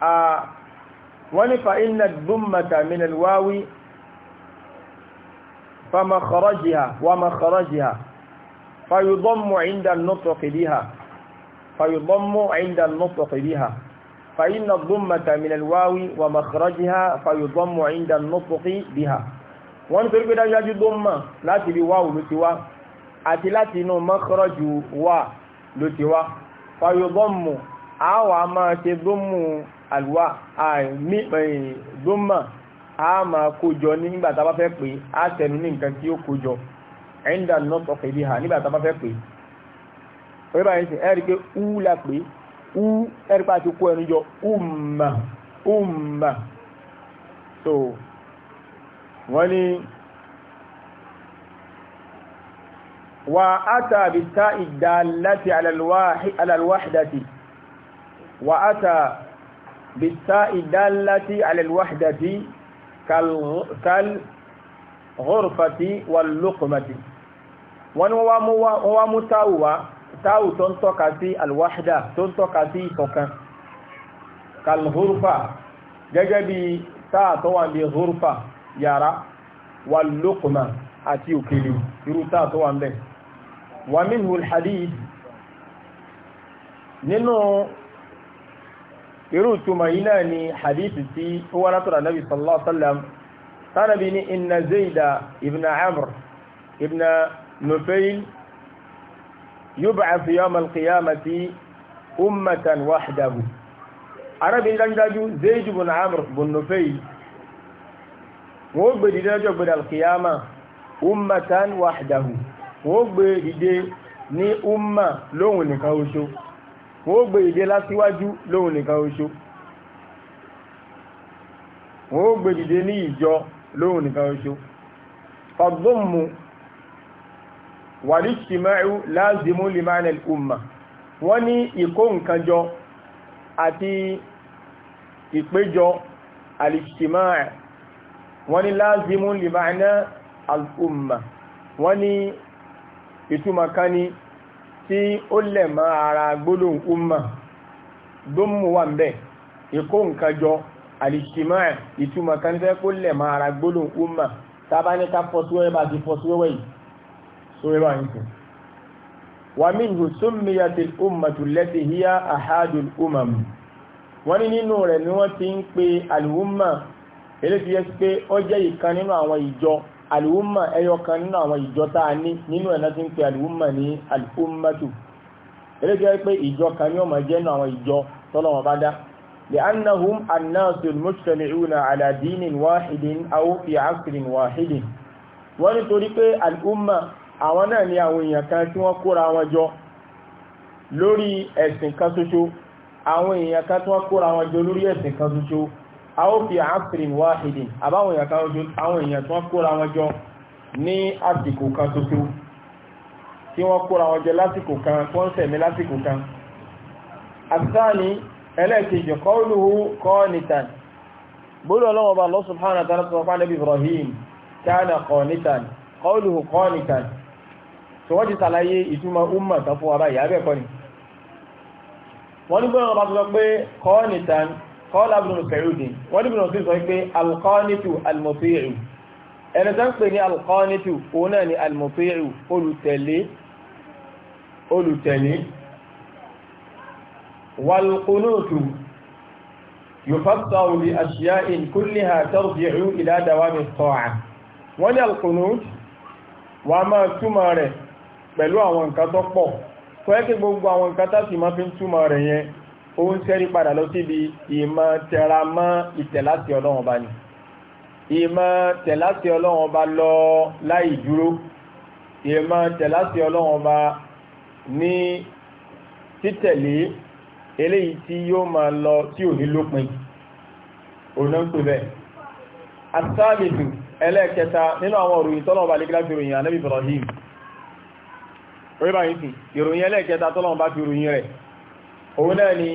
[SPEAKER 1] a wọ́n ní fa'inna dhummata min alwawi fa makhrajiha wa makhrajiha fa yudammu inda an-nutqi biha fa yudammu inda an-nutqi biha فإن الضمة من الواو ومخرجها فيضم عند النطق بها wọ́n ní torí pé dájúdájú tó mọ̀ láti rí wá ló ti wá àti láti inú mọ́kọ́rọ́jù wà ló ti wá fayobọ́mù àwọ̀ a máa ṣe dómù àlùwà dómà a máa kójọ nígbà a bá fẹ́ pè á tẹnu ní nǹkan tí ó kójọ ẹ̀ńdà náà sọ̀kẹ̀ ibi hà nígbà tá a bá fẹ́ pè é orí báyìí sì ẹ̀rí pé ú la pè so wọ́n ni wà átà bí tá ìdálátì alàlwáhdàtì wà átà bí tá ìdálátì alàlwáhdàtì kalghurfati wal luqmati wọ́n ni wọ́n wá mú táwù wá táwù tó ń tọ́ka sí alwáhdà tó ń tọ́ka sí ìkọ̀kan kalghurfa gẹ́gẹ́ bí táà tó wà ní ghurfa yàrá wà lókùnmá àti òkèlè irú táà tó wà ń bẹ̀. wà mínú hadith nínú irú túnmà yìí náà ni hadith tí ó wá látọ̀rọ̀ nabi sallallahu alaihi wasallam tánàbí ní inna zaida ibn amr ibn nufail yub'ath yawm al-qiyamati ummatan wahdahu arabi danjaju zaid ibn amr ibn nufail wọ́n gbé dìde lọ́jọ́ gbé alkiyama ummatan wahdahu wọ́n gbé dìde ní umma lóhun nìkan oṣo wọ́n gbé dìde lásíwájú lóhun nìkan oṣo wọ́n gbé dìde ní ìjọ lóhun nìkan oṣo fadummu wàlíṣìmáìú lázimu limana umma wọ́n ní ìkó nǹkan jọ àti ìpéjọ alìṣìmáìú wọ́n ní láàzimú lè máa ná al'umma wọ́n ní ìtumọ̀ kan tí ó lẹ̀ mọ́ ara gbólóhùn umma dómù wà ń bẹ̀ ìkó nǹkan jọ alìṣìmọ́ ìtumọ̀ kan kó lẹ̀ mọ́ ara gbólóhùn umma tábá ní ká fọ́síwẹ́wẹ́ bá ti fọ́síwẹ́wẹ́ yìí sówẹ́wà ń sìn wà minhu summiyatil ummatu allati hiya ahadul wọ́n ní nínú rẹ̀ ni wọ́n ti ń pe al-umma eléyìí yẹ pé ó jẹ́ ìkan nínú àwọn ìjọ àlùwùmà ẹyọ kan nínú àwọn ìjọ tá a ní nínú ẹ̀ náà ti ń pe àlùwùmà ní àlùfóòmọ́tò eléyìí yẹ pé ìjọ kan ní ọmọ jẹ́ nínú àwọn ìjọ tọ́lọ́ bá dá àwọn èèyàn kan tí wọ́n kóra wọn jọ lórí ẹ̀sìn kan ṣoṣo a ó fi àáfìrin wáhìdìn àbáwọn èèyàn kan ojú àwọn èèyàn tí wọ́n kóra wọn jọ ní àsìkò kan ṣoṣo tí wọ́n kóra wọn jọ lásìkò kan tí wọ́n sẹ̀mí lásìkò kan àtìsáàní ẹlẹ́ẹ̀kejì kọ́ọ̀lùhù kọ́ọ̀nìtàn bólú ọlọ́wọ́ bá lọ́sùn hàn àtàrà Ànábì Ibrahim kana qanitan qawluhu qanitan so wọ́n ti kọ́lá ibùdó kẹrìndín wọ́n ní ibùdó sọ pé alkọ́nìtù almọ̀fíìrù ẹni tó ń pè ní alkọ́nìtù òun náà ni almọ̀fíìrù olùtẹ̀lé olùtẹ̀lé walkunutu yufassaru bi ashya'in kulliha tarji'u ila dawami as-sa'a wọ́n ní alkunut wọ́n máa túmọ̀ rẹ̀ pẹ̀lú àwọn nǹkan tó pọ̀ tó ó ń sẹ́rí padà lọ síbi ìmọ̀ tẹra mọ́ ìtẹ̀láti ọlọ́run ọba ni ìmọ̀ tẹ̀láti ọlọ́run ọba lọ láì dúró ìmọ̀ tẹ̀láti ọlọ́run ọba ní títẹ̀lé eléyìí tí yóò máa lọ tí ò ní lópin òun ń pè bẹ́ẹ̀ asáàlìsù ẹlẹ́ẹ̀kẹta nínú àwọn òròyìn tọ́lọ̀ ọba lè gíláàfi ìròyìn ànábì Ibrahim orí báyìí sí ìròyìn ẹlẹ́ẹ̀kẹta tọ́lọ̀ ọba fi ìròyìn rẹ̀ òun náà ni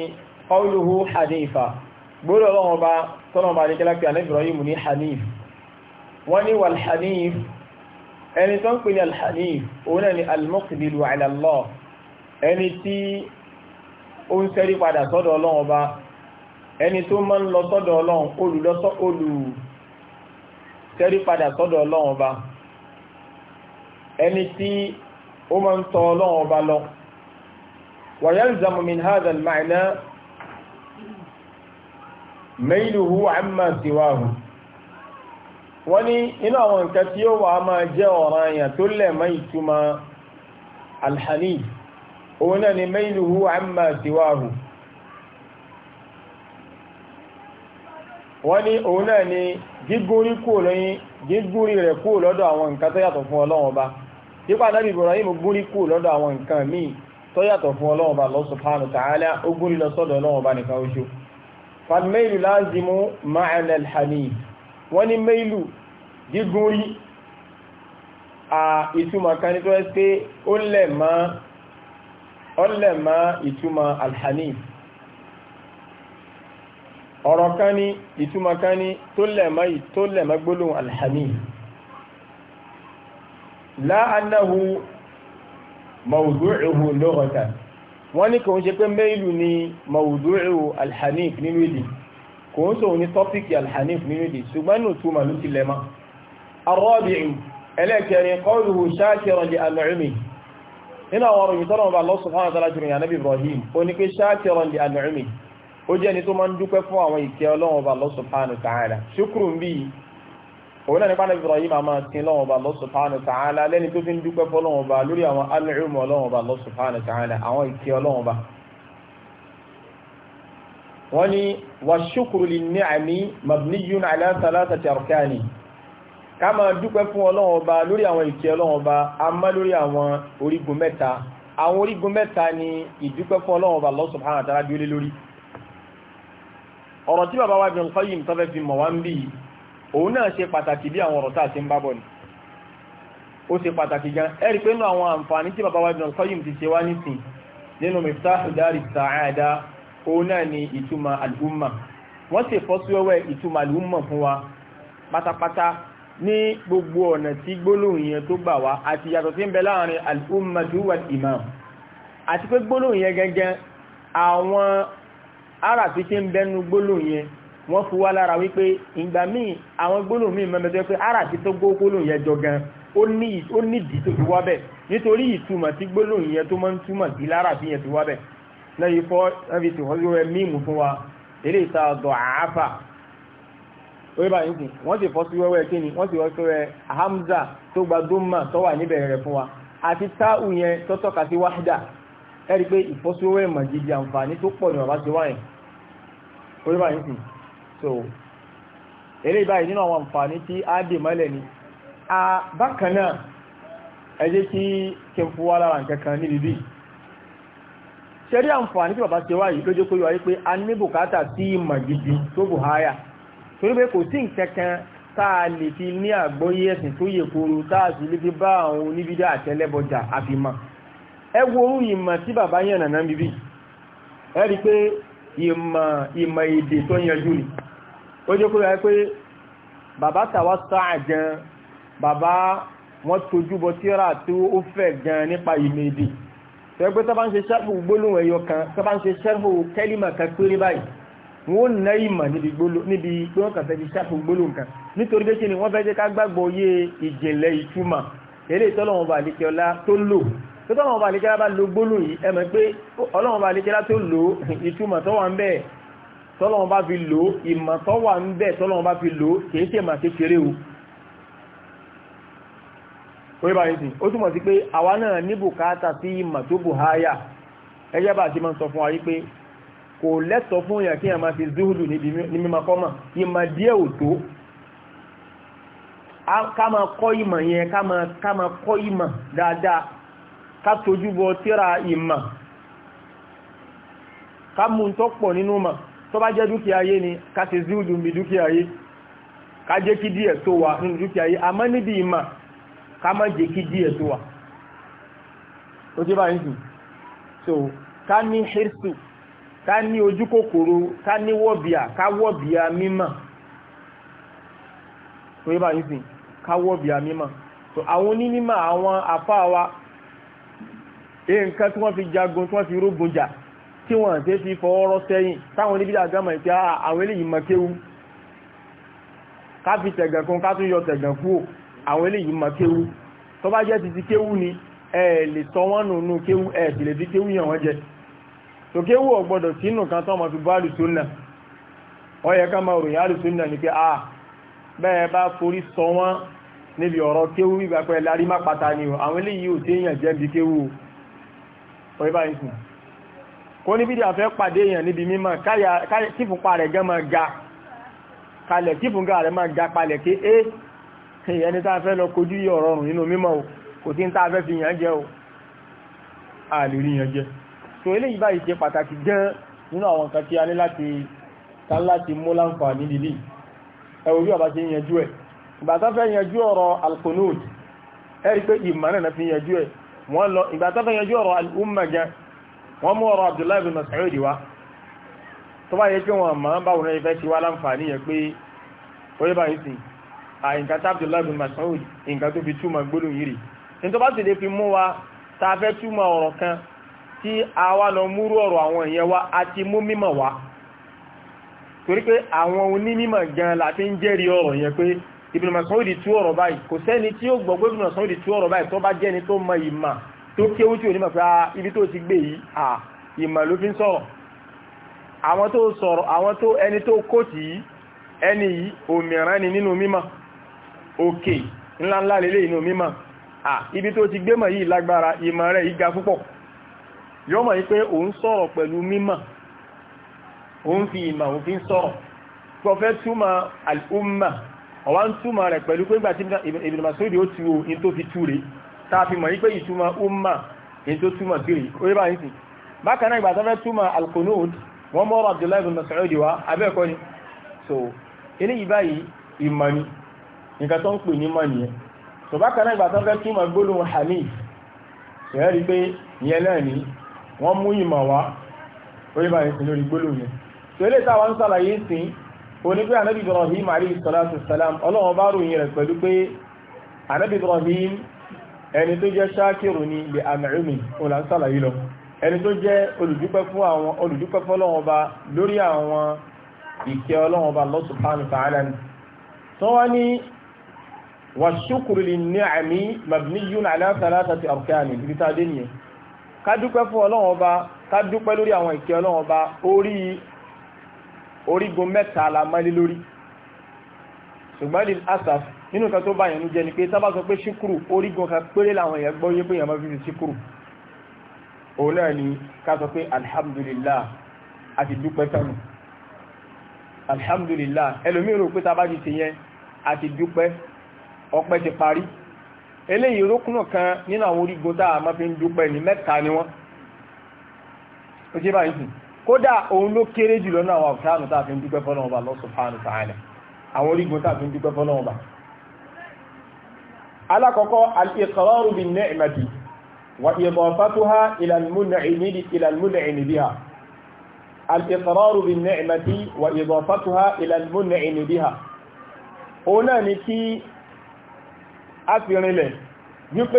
[SPEAKER 1] qawluhu hanifa gbọ́dọ̀ ọlọ́run ọba tọ́nà ọba adékẹ́lá pé ànábì Ibrahim ní hanif wọ́n ní wal hanif ẹni tó ń pè ní al hanif òun náà ni al-muqbilu ala Allah ẹni tí ó ń sẹ́rí padà sọ́dọ̀ ọlọ́run ọba ẹni tó máa ń lọ sọ́dọ̀ ọlọ́run olùlọ́sọ́ ويلزم من هذا المعنى mẹ́ìlúhu àmà síwáhù wọ́n ní inú àwọn nǹkan tí wa wà máa jẹ́ ọ̀ràn àyàn tó alhani ni wa àmà síwáhù wani ní kúrò lọ́dọ̀ àwọn nǹkan tó yàtọ̀ fún Ọlọ́run Ọba nípa náà Ibrahim gúrí kúrò àwọn nǹkan míì tó yàtọ̀ fún ọlọ́run bá Allah subhanahu wa ta'ala ó gúrí lọ sọ́dọ̀ ọlọ́run bá nìkan oṣù falmeilu lázimu ma'ana alhamid wọ́n ní meilu gígùn rí a ìtumọ̀ kan ní tó ẹ́ pé ó mawudu'uhu lughatan wọ́n ní kò ń ṣe pé mẹ́ìlù ni mawudu'u alhanif nínú èdè kò ń sòun ní tọ́pìkì alhanif nínú èdè ṣùgbọ́n nù túmọ̀ ló ti lẹ́mọ́ arọ́bìnrin ẹlẹ́kẹrin qawluhu shakiran li an'umi nínú àwọn ọ̀rọ̀ ìtọ́nà ọba Allah subhanahu wa ta'ala jùlọ yànàbí Ibrahim ó òun náà nípa ní Ibrahim àmà tí lọ́wọ́ bá Allah subhanahu wa ta'ala lẹ́ni tó fi ń dúpẹ́ fọ́lọ́wọ́ bá lórí àwọn alẹ́rìmọ̀ lọ́wọ́ bá Allah subhanahu wa ta'ala àwọn ìkẹ́ ọlọ́wọ́ bá wọ́n ni wà ṣùkúrù lè ní àmì mabniyun ala thalathati arkani ká máa dúpẹ́ fún ọlọ́wọ́ bá lórí àwọn ìkẹ́ ọlọ́wọ́ bá a má lórí àwọn orígun mẹ́ta àwọn orígun mẹ́ta ni ìdúpẹ́ fún ọlọ́wọ́ bá Allah subhanahu bí ó lé lórí ọ̀rọ̀ tí bàbá wa Ibn Qayyim tọ́fẹ́ fi mọ̀ wá ń bí yìí òun náà ṣe pàtàkì bí àwọn ọ̀rọ̀ tá a ṣe ń bábọ̀ ni ó ṣe pàtàkì gan ẹ̀rí pé nínú àwọn àǹfààní tí bàbá wa Ibn al-Qayyim ti ṣe wá nísìn nínú Miftahu Dari Sa'ada òun náà ni ìtumọ̀ al sí ọwẹ́ ìtumọ̀ wa imam àti pé gbólóhùn yẹn gẹ́gẹ́ àwọn wọ́n fi wá lára wípé ìgbà míì àwọn gbólóhùn míì mẹ́mẹ́ tó pé ara ti tó gbólóhùn yẹn jọ gan ó nídìí tó fi wá bẹ̀ nítorí ìtumọ̀ tí gbólóhùn yẹn tó máa ń túmọ̀ sí lára fi yẹn fi wá bẹ̀ lẹ́yìn fọ́ ẹbí tí wọ́n fi rẹ míìmù fún wa eré ìta ọ̀dọ̀ àáfà orí báyìí kù wọ́n sì fọ́ sí wẹ́wẹ́ kí ni wọ́n sì fọ́ sí hamza tó gba dómà tó wà níbẹ̀ rẹ̀ fún wa àti táù yẹn tó sí wáhídà ẹ̀rí pé ìfọ́síwẹ́wẹ́ mọ̀ àǹfààní tó pọ̀ ní bàbá ti wáyìn orí báyìí kù so eré báyìí nínú àwọn àǹfààní tí a dè mọ́lẹ̀ ni a bákan náà ẹ jẹ́ kí kí n fúwá kan níbi bí ṣẹ́rí àǹfààní tí bàbá ṣe wá yìí ló jẹ́ kó a ní bùkátà sí ìmọ̀ gidi tó bù háyà torí pé kò sí nǹkan kan táà lè fi ní àgbọ́yé ẹ̀sìn tó yẹ kóró táà sì lè fi bá àwọn oníbídá àtẹ́lẹ́bọjà àfimọ̀ ẹ wo orú ìmọ̀ tí bàbá yẹn nàná bíbí ẹ rí pé ìmọ̀ ìmọ̀ èdè tó yanjú ni ó jẹ́ kó yẹ pé bàbá tàwa sáà gan bàbá wọ́n tójú bọ tíra tí ó fẹ̀ gan nípa ìmọ̀ èdè tẹ́gbẹ́ tó bá ń ṣe sẹ́fù gbólóhùn ẹ̀yọ kan tó bá ń ṣe sẹ́fù kẹ́límà kan péré báyìí wọ́n ná ìmọ̀ níbi pé wọ́n kàn fẹ́ fi sẹ́fù gbólóhùn kan nítorí pé kí ni wọ́n fẹ́ jẹ́ ká gbàgbọ́ yé ìjìnlẹ̀ ìtumọ̀ eléyìí tọ́lọ́wọ́n bá àlékẹ́ ọlá tó lò tọ́lọ́wọ́n bá àlékẹ́ ọlá bá lo gbólóhùn yìí ẹ mọ̀ pé ọlọ́wọ́n bá àlékẹ́ ọlá tó lò ìtumọ̀ tó wà tọ́lọ́wọ́n bá fi lò ìmọ̀ tó wà ń bẹ̀ tọ́lọ́wọ́n bá fi lò kìí ṣe mà kékeré o orí bá yìí ó túmọ̀ sí pé àwa náà ní bùkátà sí ìmọ̀ tó bù háyà ẹjẹ́ bá ti máa ń sọ fún wa yìí pé kò lẹ́tọ̀ọ́ fún èèyàn kí èèyàn máa ti zuhudu ní mímọ kọ́mọ̀ ìmọ̀ díẹ̀ ò tó ká máa kọ́ ìmọ̀ yẹn ká máa kọ́ ìmọ̀ dáadáa ká tójú bọ tíra ìmọ̀ ká mú un tó pọ̀ nínú mọ̀ tó bá jẹ́ dúkìá ayé ni ká ṣe zíúdù mi dúkìá ayé ká jẹ́ kí díẹ̀ tó wà nínú dúkìá ayé àmọ́ níbi ìmà ká má jẹ́ kí díẹ̀ tó wà ó jẹ́ báyìí sùn so ká ní hirsu ká ní ojú kòkòrò ká ní wọ́bìà ká wọ́bìà mímọ̀ ó jẹ́ báyìí sùn ká wọ́bìà mímọ̀ so àwọn onímọ̀ àwọn àfáà wa nǹkan tí wọ́n fi jagun tí wọ́n fi rógun jà tí wọ́n tẹ́ fi fọwọ́rọ́ sẹ́yìn táwọn oníbídà gánmà ìpé ah, àwọn eléyìí mọ̀kéwú ká fi tẹ̀gàn kan ká tún yọ tẹ̀gàn kú àwọn eléyìí mọ̀kéwú tó bá jẹ́ ti ti kéwú ni ẹ lè tọ́ wọ́n nù nù kéwú ẹ sì lè fi kéwú yàn wọ́n jẹ tó kéwú ò sínú kan tó máa fi ni pé ah bẹ́ẹ̀ bá forí sọ wọ́n níbi ọ̀rọ̀ kéwú ìgbà pẹ́ lárí ni o àwọn eléyìí ò téèyàn jẹ́ bí kéwú o kó ní bídí àfẹ́ pàdé èèyàn níbi mímọ̀ kífùnpá rẹ̀ gan máa ga kalẹ̀ kífùnpá rẹ̀ máa ga palẹ̀ ké é ẹni tá fẹ́ lọ kojú yọ ọ̀rọ̀rùn nínú mímọ̀ o kò tí ń tá fẹ́ fi yàn jẹ́ o a lè rí yàn jẹ́ so eléyìí báyìí ṣe pàtàkì gan nínú àwọn nǹkan tí a ní láti ta láti mú láǹfààní lílì ẹwọ bí ọba ṣe yanjú ẹ ìgbà tó fẹ́ yanjú ọ̀rọ̀ alkonood ẹ rí pé ìmọ̀ náà fi yanjú ẹ wọ́n lọ ìgbà tó fẹ́ yanjú ọ̀rọ̀ alùmọ̀ gan wọ́n mú ọ̀rọ̀ Abdullahi bin Mas'ud wá tó bá yẹ kí wọ́n máa bá wọn ẹ̀fẹ́ ti wá láǹfààní yẹ pé ó yẹ báyìí sí àyíká tí Abdullahi bin Mas'ud nǹkan tó fi túmọ̀ gbólóhùn yìí rí ní tó bá sì lè fi mú wa tá a fẹ́ túmọ̀ ọ̀rọ̀ kan tí a wá lọ múrú ọ̀rọ̀ àwọn ìyẹn wa a ti mú mímọ̀ wá torí pé àwọn onímọ̀ gan la fi ń jẹ́rìí ọ̀rọ̀ yẹn pé Ibn Mas'ud tú ọ̀rọ̀ báyìí kò sẹ́ni tí ó gbọ́ tó kéwú tí ò ní mọ̀fẹ́ ah, ibi tó ti gbé yìí à ìmọ̀ fi ń sọ̀rọ̀ àwọn tó sọ̀rọ̀ àwọn tó ẹni tó kóòtì yìí ẹni yìí òmìrán ni nínú mímọ̀ òkè ńláńlá lélẹ̀ inú mímọ̀ à ibi tó ti gbé mọ̀ yìí lágbára ìmọ̀ rẹ̀ yìí ga púpọ̀ yọ́mọ̀ yìí pé òun sọ̀rọ̀ pẹ̀lú mímọ̀ òun fi ìmọ̀ òun fi ń sọ̀rọ̀ prọfẹ́ túmọ̀ al-umma ọ̀wá ń túmọ̀ rẹ̀ pẹ̀lú pé gbà tààfi mọ̀ wípé ìtumọ̀ umma èyí tó túmọ̀ gírí orí bá ń sì bákan náà ìgbà tó fẹ́ túmọ̀ alkunud wọ́n mọ́ ọ̀rọ̀ Abdullahi bin Mas'ud wa abẹ́ẹ̀kọ́ ni so eléyìí báyìí ìmọ̀ ni nǹkan tó ń pè ní mọ̀ nìyẹn so bákan náà ìgbà tó fẹ́ túmọ̀ gbólóhùn hamid ni wọ́n mú ìmọ̀ wá orí bá ń sì so eléyìí táwa ń sàlàyé sí oní pé anabi Ibrahim alayhi salam ọlọ́run bá ròyìn rẹ̀ pẹ̀lú pé anabi Ibrahim ẹni tó jẹ́ ṣáàkìrù ní lè àmìrìmì olànsàlàyé lọ ẹni tó jẹ́ olùdúpẹ́ fún àwọn olùdúpẹ́ fọ́lọ́wọ́n ba lórí àwọn ìkẹ́ ọlọ́wọ́n ba Allah subhanahu wa ta'ala ni tó wá ní wà ṣúkùrù lè ní àmì mabniyun ala thalathati arkani ibi tá a dé nìyẹn ká dúpẹ́ fún ọlọ́wọ́n ba ká ṣùgbọ́n lè asàfù nínú nǹkan tó bá yẹn jẹ́ ni pé tá bá sọ pé ṣíkúrù orígun kan péré làwọn èèyàn gbọ́ yé pé èèyàn máa fi òun náà ni ká sọ pé alhamdulillah àti dúpẹ́ tánù alhamdulillah ẹlòmíì rò pé tá bá ti ṣe yẹn àti dúpẹ́ ọpẹ́ ti parí eléyìí rókùnà kan nínú àwọn orígun tá a máa fi ń dúpẹ́ ní mẹ́ta ni wọ́n ó ṣe báyìí sùn kódà òun ló kéré jùlọ náà àwọn àfihàn tá a fi ń dúpẹ́ fọ́nà ọba Allah subhanahu wa ta'ala àwọn orígun tá a fi ń dúpẹ́ fọ́nà ọba alákọ̀ọ́kọ́ al-iqraru bin-ni'mati wa idafatuha ila al-mun'imi biha al-iqraru bin-ni'mati wa idafatuha ila al-mun'imi biha òun náà ni kí a fi rinlẹ̀ wípé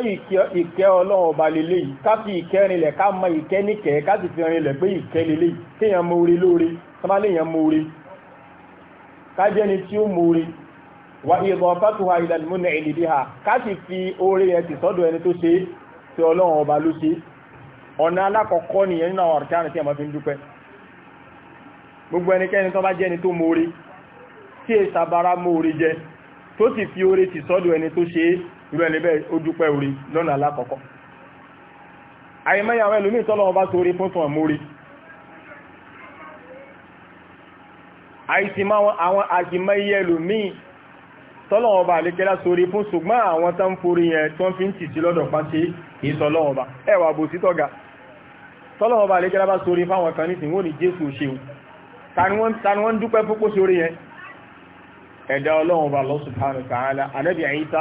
[SPEAKER 1] ìkẹ́ ọlọ́run ọba lélẹ̀ yìí ká fi ìkẹ́ rinlẹ̀ ká mọ ìkẹ́ níkẹ́ ká sì fi rinlẹ̀ pé ìkẹ́ lélẹ̀ yìí kéèyàn mọ orí lóore sábà léèyàn orí ká jẹ́ni tí ó mọ orí wa ìdọ̀fàtùwà ilẹ̀ múnà ìlìdí ha káàkì fi oore yẹn ti sọ́dọ̀ ẹni tó ṣe tí ọlọ́run ọba ló ṣe ọ̀nà alákọ̀ọ́kọ́ nìyẹn nínú àwọn àrùkárùn tí a máa fi ń dúpẹ́ gbogbo ẹnikẹ́ni tó bá jẹ́ ẹni tó moore tí è sàbára moore jẹ tó sì fi oore ti sọ́dọ̀ ẹni tó ṣe irú ẹni bẹ́ẹ̀ ó dúpẹ́ oore lọ́nà alákọ̀ọ́kọ́ àyèmáyàwó ẹlòmíì tọ́lọ́wọ́ bá sóore fún sùn àmóore àìsìmọ́ àwọn àjìmọ́ ẹlòmíì tọ́lọ́wọ́ bá lè kẹ́lá sórí fún ṣùgbọ́n àwọn tán forí yẹn tó ń fi ń tìtì lọ́dọ̀ pàṣẹ kìí sọlọ́wọ́ bá ẹwà bò sí tọ́ga tọ́lọ́wọ́ bá lè kẹ́lá bá sórí fáwọn kan nísìn wọ́n ní Jésù ṣeun tani wọ́n ń dúpẹ́ púpọ̀ sórí yẹn ẹ̀dá Ọlọ́run bá lọ́sùn subhanahu wa ta'ala ànábì àyíká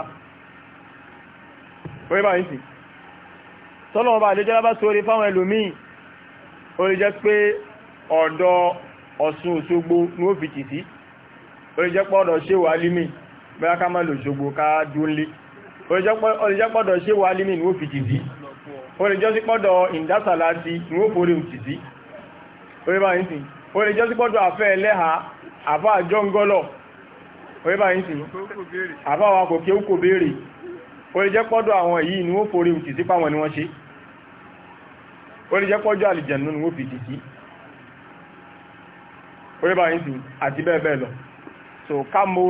[SPEAKER 1] orí bá yìí tọ́lọ́wọ́ bá lè kẹ́lá bá sórí fáwọn ẹlòmíì ó lè jẹ́ pé ọ̀dọ̀ Ọ̀ṣun Òṣogbo ni ó fi tì sí ó lè jẹ́ pé ọ̀dọ̀ ṣéwà límì bẹ́ẹ̀ ká má lò ṣogbo ká dúnlé olùjẹ́pọ̀dọ̀ ṣe wà límì ní ó fi tìdí olùjọ́sípọ̀dọ̀ ìdásàlá ti ní ó forí tìdí oríbá yìí sí olùjọ́sípọ̀dọ̀ àfẹ́ ẹlẹ́ha àfá àjọ́ngọ́lọ̀ oríbá yìí sí àfá wa kò kí ó kò béèrè olùjẹ́pọ̀dọ̀ àwọn yìí ní ó forí tìdí páwọn ni wọ́n so ká mọ́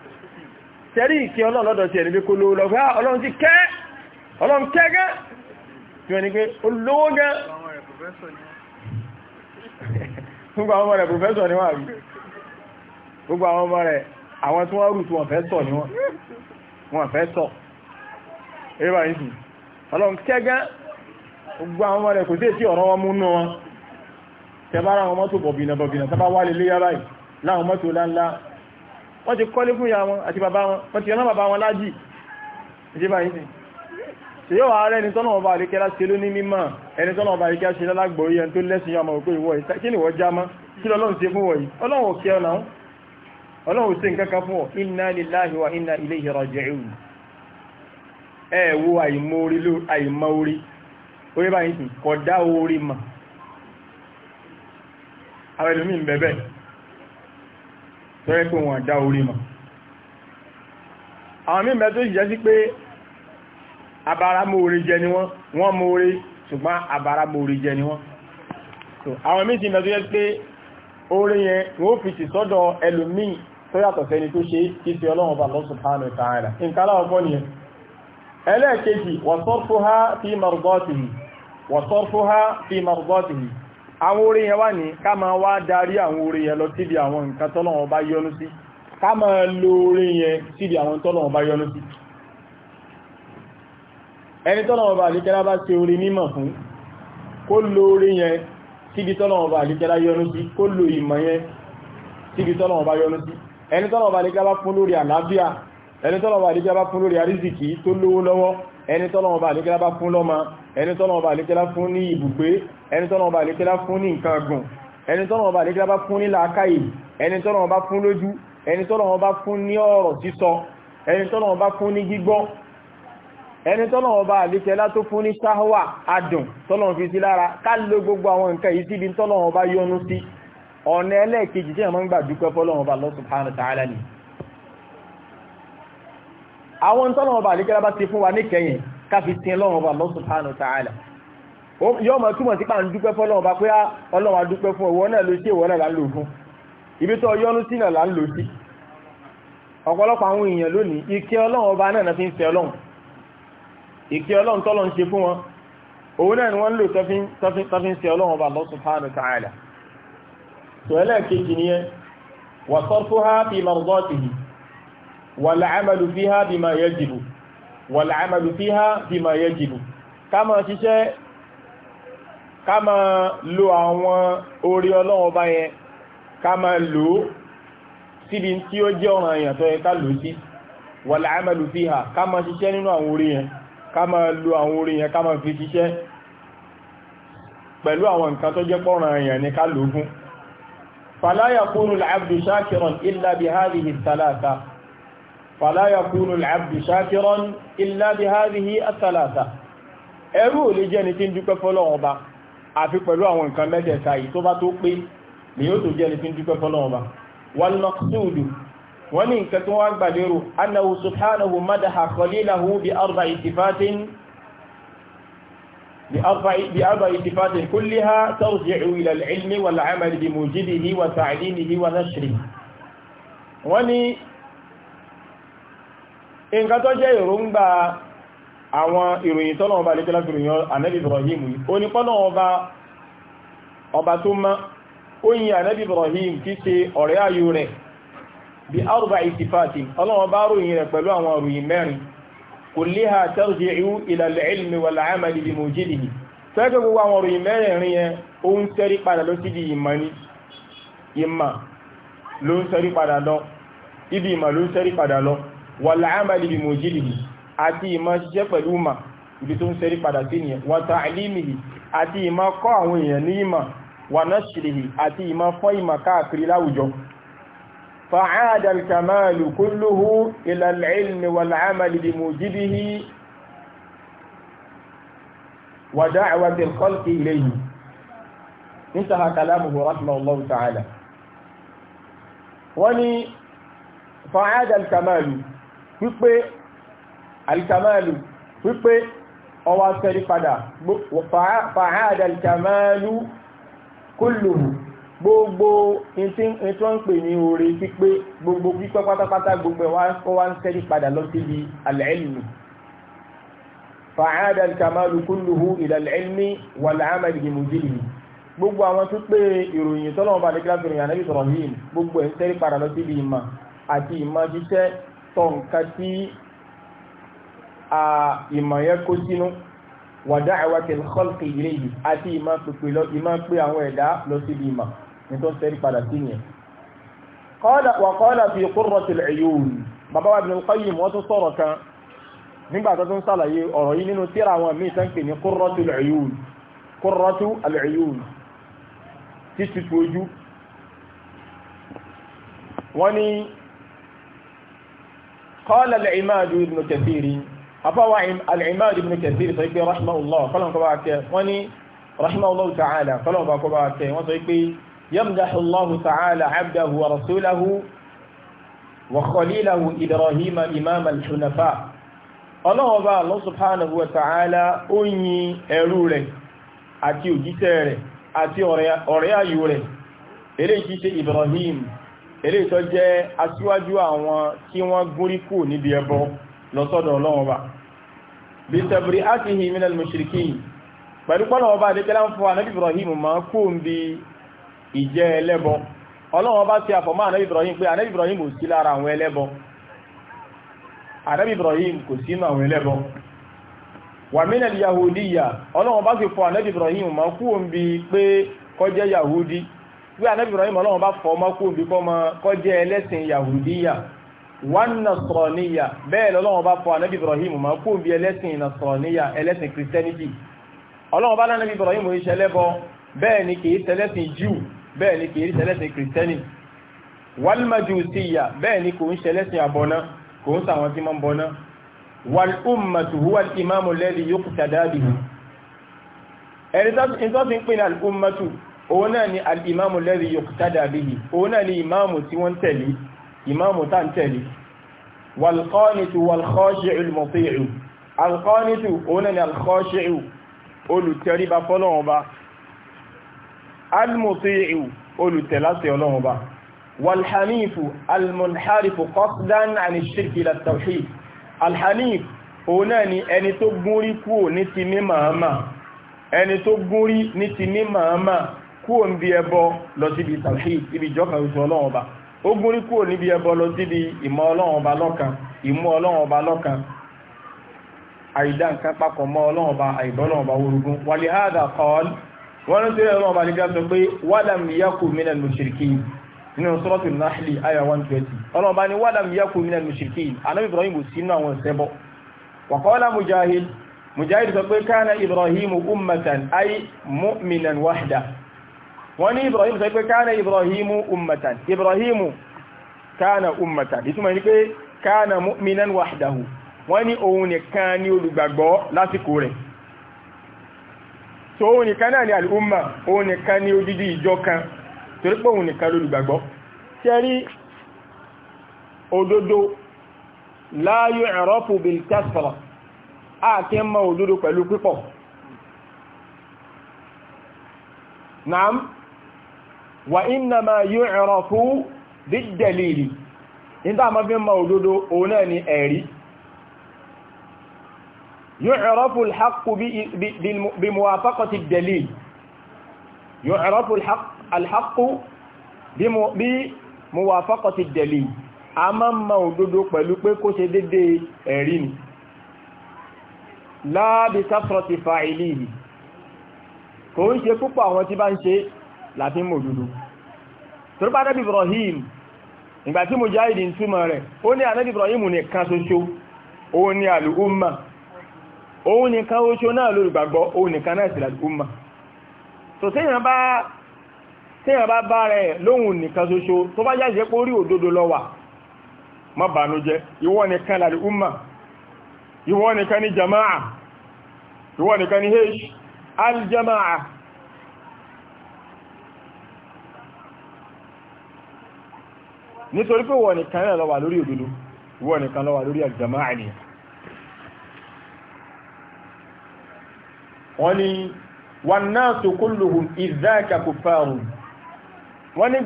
[SPEAKER 1] tẹ́rí ìkẹ́ ọlọ́run lọ́dọ̀ ti ẹ̀rí kó lówó lọ́fẹ́ ah, ọlọ́run ti kẹ́ ọlọ́run kẹ́ gẹ́ tí wọ́n ni pé olówó gẹ́ gbogbo àwọn ọmọ rẹ̀ pòfẹ́sọ̀ ni wọ́n àrí gbogbo àwọn ọmọ rẹ̀ àwọn tí wọ́n rù tí wọ́n fẹ́ sọ ni wọ́n fẹ́ sọ eré báyìí sì ọlọ́run kẹ́ gẹ́ gbogbo àwọn ọmọ rẹ̀ kò sí mọ́tò bọ̀bìnà bọ̀bìnà tẹ bá wálé léyà báyìí láwọn mọ́tò láńlá wọ́n ti kọ́lé fún ìyá wọn àti bàbá wọn wọ́n ti ọ̀nà bàbá wọn lájì ìjẹba yìí sí yóò ààrẹ ẹni tọ́nà ọba àríkẹ́lá ṣe ló ní mímọ̀ ẹni tọ́nà ọba àríkẹ́lá ṣe lálágbòrí ẹni tó lẹ́sìn yọmọ òpé ìwọ̀ kí ni wọ́n já mọ́ kí lọ́lọ́run ṣe fún wọ̀nyí ọlọ́run ò kẹ́ ọ̀nà ọlọ́run ṣe nǹkan kan fún ọ inna lillahi wa inna ilayhi raji'un ẹ wo àìmọ́rí ló àìmọ́rí orí báyìí kódà orí mà àwọn ẹlòmíì ń bẹ̀bẹ̀ tọ́rẹ́ pé wọ́n dá orí mọ̀ àwọn mímẹ́ tó jẹ́ sí pé abáramóore jẹ ni wọ́n wọ́n móore ṣùgbọ́n abáramóore jẹ ni wọ́n àwọn mí ti mẹ́ tó jẹ́ pé oore yẹn wọ́n fi ti sọ́dọ̀ ẹlòmíì tó yàtọ̀ sẹ́ni tó ṣe kí ti ọlọ́run àwọn orí yẹn wà ní ká máa wá darí àwọn orí yẹn lọ síbi àwọn nǹkan tọ́lọ́run bá yọ́nú sí ká máa lo orí yẹn síbi àwọn tọ́lọ́run bá yọ́nú sí ẹni tọ́lọ́run bá àlékẹ́lá bá ṣe orí mímọ̀ fún kó lo orí yẹn síbi tọ́lọ́run bá àlékẹ́lá yọ́nú sí kó lo ìmọ̀ yẹn síbi tọ́lọ́run bá yọ́nú sí ẹni tọ́lọ́run bá àlékẹ́lá bá fún lórí àlàáfíà ẹni tọ́lọ́run bá àlékẹ́lá bá fún lórí àrísìkí tó lówó lọ́wọ́ ẹni tọ́lọ́run bá àlékẹ́lá bá fún lọ́mọ ẹni tọ́nà ọba àlékẹ́lá fún ní ibùgbé ẹni tọ́nà ọba àlékẹ́lá fún ní nǹkan gùn ẹni tọ́nà ọba àlékẹ́lá bá fún ní làákàyè ẹni tọ́nà ọba fún lójú ẹni tọ́nà ọba fún ní ọ̀rọ̀ sísọ ẹni tọ́nà ọba fún ní gbígbọ́ ẹni tọ́nà ọba àlékẹ́lá tó fún ní sáhọ́wà adùn tọ́nà fi sí lára ká ló gbogbo àwọn nǹkan yìí síbi tọ́nà ọba yọ́nú sí ọ̀nà ẹlẹ́ẹ̀kejì tí àwọn gbà dúpẹ́ fọ́lọ́run ọba Allah subhanahu wa ta'ala ni àwọn tọ́nà ọba àlékẹ́lá bá ti fún wa níkẹyìn káfi sin ọlọ́run ọba Allah subhanahu wa ta'ala ma túmọ̀ sí pàǹ ọba pé ah, ọlọ́run á fún na náà ló ṣe ìwọ náà ibi tó sí náà sí ọ̀pọ̀lọpọ̀ àwọn èèyàn lónìí ọlọ́run náà fi ń ọlọ́run ọlọ́run ṣe fún wọn òun náà ni wọ́n ń lò ń ọlọ́run wa tó ẹlẹ́ẹ̀kejì bí mọ̀rọ̀dọ́tì wal amalu fiha bima yajibu ká máa ṣiṣẹ́ ká máa lo àwọn orí ọlọ́run ọba yẹn ká máa lò ó síbi tí ó jẹ́ ọ̀ràn èèyàn tó yẹ ká lò sí wal amalu fiha ká máa ṣiṣẹ́ nínú àwọn orí yẹn ká máa lo àwọn orí yẹn ká fi ṣiṣẹ́ pẹ̀lú àwọn nǹkan tó jẹ́ pọ̀ràn èèyàn ní ká lò fún fala yakunu al-abdu shakiran illa فلا يكون العبد شاكرا إلا بهذه الثلاثة. hadhihi ath-thalatha ẹrú ò lè jẹ́ ni tí ń dúpẹ́ fọ́lọ́run ọba àfi pẹ̀lú àwọn nǹkan mẹ́tẹ̀ẹ̀ta yìí tó bá tó pé ni yóò tó jẹ́ ni tí ń dúpẹ́ fọ́lọ́run ọba wal maqsudu wọ́n ní nǹkan tó wá gbàlérò annahu subhanahu madaha khalilahu bi arba'i بأربع صفات كلها ترجع إلى العلم والعمل بموجبه وتعليمه ونشره وني nǹkan tó jẹ́ èròǹgbà àwọn ìròyìn tọ́lọ̀wọ́ bá lẹ́jọ́lá fi ròyìn ànábì Ibrahim yìí ní pọ́lọ̀wọ́ bá ọba tó mọ́ ó yin ànábì Ibrahim kí ṣe ọ̀rẹ́ ayò rẹ̀ bí arúgbà ìsìfàtì ọlọ́wọ́ ròyìn rẹ̀ pẹ̀lú àwọn ròyìn mẹ́rin ila amali bi mujdihi fẹ́ẹ́kẹ́ gbogbo àwọn ròyìn mẹ́rin yẹn ó ń sẹ́rí padà lọ seri ìmọ̀ ni ibi ló ń sẹ́rí padà wal amali bi mujidihi àti ìmọ̀ ṣiṣẹ́ pẹ̀lú mà ibi tó ń sẹ́rí padà sí nìyẹn wa ta'limihi àti ìmọ̀ kọ́ àwọn èèyàn ní ìmọ̀ wa nashrihi àti ìmọ̀ fọ́ ìmọ̀ káàkiri láwùjọ فعاد الكمال كله إلى العلم والعمل بموجبه ودعوة الخلق إليه انتهى كلامه رحمه الله تعالى وني فعاد الكمال wípé alkamalu wípé ọwá tẹ́rí padà fàáàdà alkamalu kúlù gbogbo ìtí wọ́n ń pè ní orí pípé gbogbo pípẹ́ pátápátá gbogbo ọwá ń tẹ́rí padà lọ sí ibi alẹ́lù fàáàdà alkamalu kúlù ìlàlẹ́lì wàlàámàlì gẹ̀mùjìlì gbogbo àwọn tó pé ìròyìn tọ́lọ́wọ́n tọ nǹkan tí ìmọ̀ yẹn kó sínú wa da'watil khalqi ilayhi àti ìmọ̀ pèpè lọ ìmọ̀ pé àwọn ẹ̀dá lọ síbi ìmọ̀ nítorí sẹ́rí padà sí yẹn. wa qala fi qurratil uyun bàbá wa Ibn al-Qayyim wọ́n sọ̀rọ̀ kan nígbà tó tún sàlàyé ọ̀rọ̀ yìí nínú tíra àwọn míì tán pè ní qurratul uyun qurratul uyun títí قال العماد بن كثير أفوى العماد بن كثير صيبي رحمه الله قال كباك وني رحمه الله تعالى قال كباك وصيبي يمدح الله تعالى عبده ورسوله وخليله إبراهيم إمام الحنفاء الله bá Allah subhanahu wa ta'ala ó yin ẹrú rẹ̀ àti òjíṣẹ́ rẹ̀ àti ọ̀rẹ́ ayò eléyìí tó jẹ́ aṣíwájú àwọn tí wọ́n gúnrí kù níbi ẹbọ lọ́sọ́dọ̀ ọlọ́run ọba bí tẹ̀bùrí ákìhì minal mushrikin pẹ̀lú pọ́nà ọba adékẹ́lá ń fún anábì Ibrahim máa kú bí ìjẹ́ ẹlẹ́bọ ọlọ́run Ibrahim pé anábì Ibrahim ò sí lára Ibrahim kò sínú àwọn ẹlẹ́bọ wà minal yahudiyya ọlọ́run ọba Ibrahim máa kú bí pé yahudi wí anábì Ibrahim ọlọ́run bá fọ́ ọmọ kú bí kọ́mọ kọjẹ́ ẹlẹ́sìn yahudiya wan nasraniya bẹ́ẹ̀ lọ́lọ́run bá fọ́ anábì Ibrahim mọ́ kú bí ẹlẹ́sìn nasraniya ẹlẹ́sìn christianity ọlọ́run bá lánàbì Ibrahim ìṣẹ́lẹ́bọ bẹ́ẹ̀ ni kìí ṣẹlẹ́sìn Jew bẹ́ẹ̀ ni kìí ṣẹlẹ́sìn christianity wal majusiya bẹ́ẹ̀ ni kò ń ṣẹlẹ́sìn àbọ̀ná kò ń sàwọn tí mọ́ ń bọ̀ná wal ummatu huwa al imamu alladhi yuqtada tó ti ń pè ní al òun náà ni al'imamu lẹ́rí yọkùtádà bí i òun náà ni imamu tí wọ́n tẹ̀lé imamu tán tẹ̀lé walqanitu walkhashi'u al-muti'u alqanitu òun náà ni alkhashi'u olùtẹríba fọ́lọ́wọ́ba al-muti'u olùtẹ̀láṣẹ ọlọ́wọ́ba walhanifu almunharifu qasdan an ash-shirki ila at alhanif òun ni ẹni tó gúnrí kúrò ní ti mímọ̀ ẹni tó gúnrí ní ti mímọ̀ kúrò níbi ẹbọ lọ síbi tawhid ibi ìjọba oṣù ọlọ́run ọba ó gún rí kúrò níbi ẹbọ lọ síbi ìmọ̀ ọlọ́run ọba lọ́kan ìmú ọlọ́run ọba lọ́kan àìdá nǹkan papọ̀ mọ́ ọlọ́run ọba àìbọ́ ọlọ́run ọba orogún wàlí hádà kọ́ọ́l wọ́n ló ti ọlọ́run ọba nígbà sọ pé wàdàm yakú minal mushrikin nínú sọ́rọ́tù náhìlì àyà 120 ọlọ́run ọba ní wàdàm yakú minal mushrikin anábì Ibrahim kò sínú àwọn ẹ̀ṣẹ̀ bọ́ wàkọ́ọ́lá mujahid mujahid sọ pé kánà Ibrahim ummatan ay mu'minan wahda wọ́n ní ibrahim sọ pé kánà ibrahimu ummatan ibrahimu kánà ummatan ìtumọ̀ ní pé kánà mu'minan wahdahu wọ́n ní òun nìkan ní olùgbàgbọ́ lásìkò rẹ̀ so òun nìkan náà ni al'umma òun nìkan ní odidi ìjọ kan torí pé òun nìkan Naam wà innama yu'rafu bid-dalili níta ma fi ma òdodo òun náà ni ẹ̀rí yu'rafu al-haqqu bi muwafaqati ad-dalil yu'rafu al-haqqu bi muwafaqati ad-dalil a ma ma òdodo pẹ̀lú pé kó ṣe dédé ẹ̀rí ni la bi kasrati fa'ilihi kò ń ṣe púpọ̀ àwọn tí bá ń ṣe láti mọ̀ òdodo torí bá nẹ́bí Ibrahim ìgbà tí Mujahid ń túmọ̀ rẹ̀ ó ní ànẹ́bí Ibrahim nìkan ṣoṣo òun ni àlùkùmà òun nìkan ṣoṣo náà lórúgbàgbọ́ òun nìkan náà sì làlùkùmà tò téèyàn bá téèyàn bá bá rẹ̀ lóhun nìkan ṣoṣo tó bá jáde pé orí òdodo jama'a nítorí pé wọ́n nìkan náà ló wà lórí òdodo wọ́n nìkan ló wà lórí àjàmáà ni wọ́n ni wan nasu kulluhum idhaka kuffarun wọ́n ní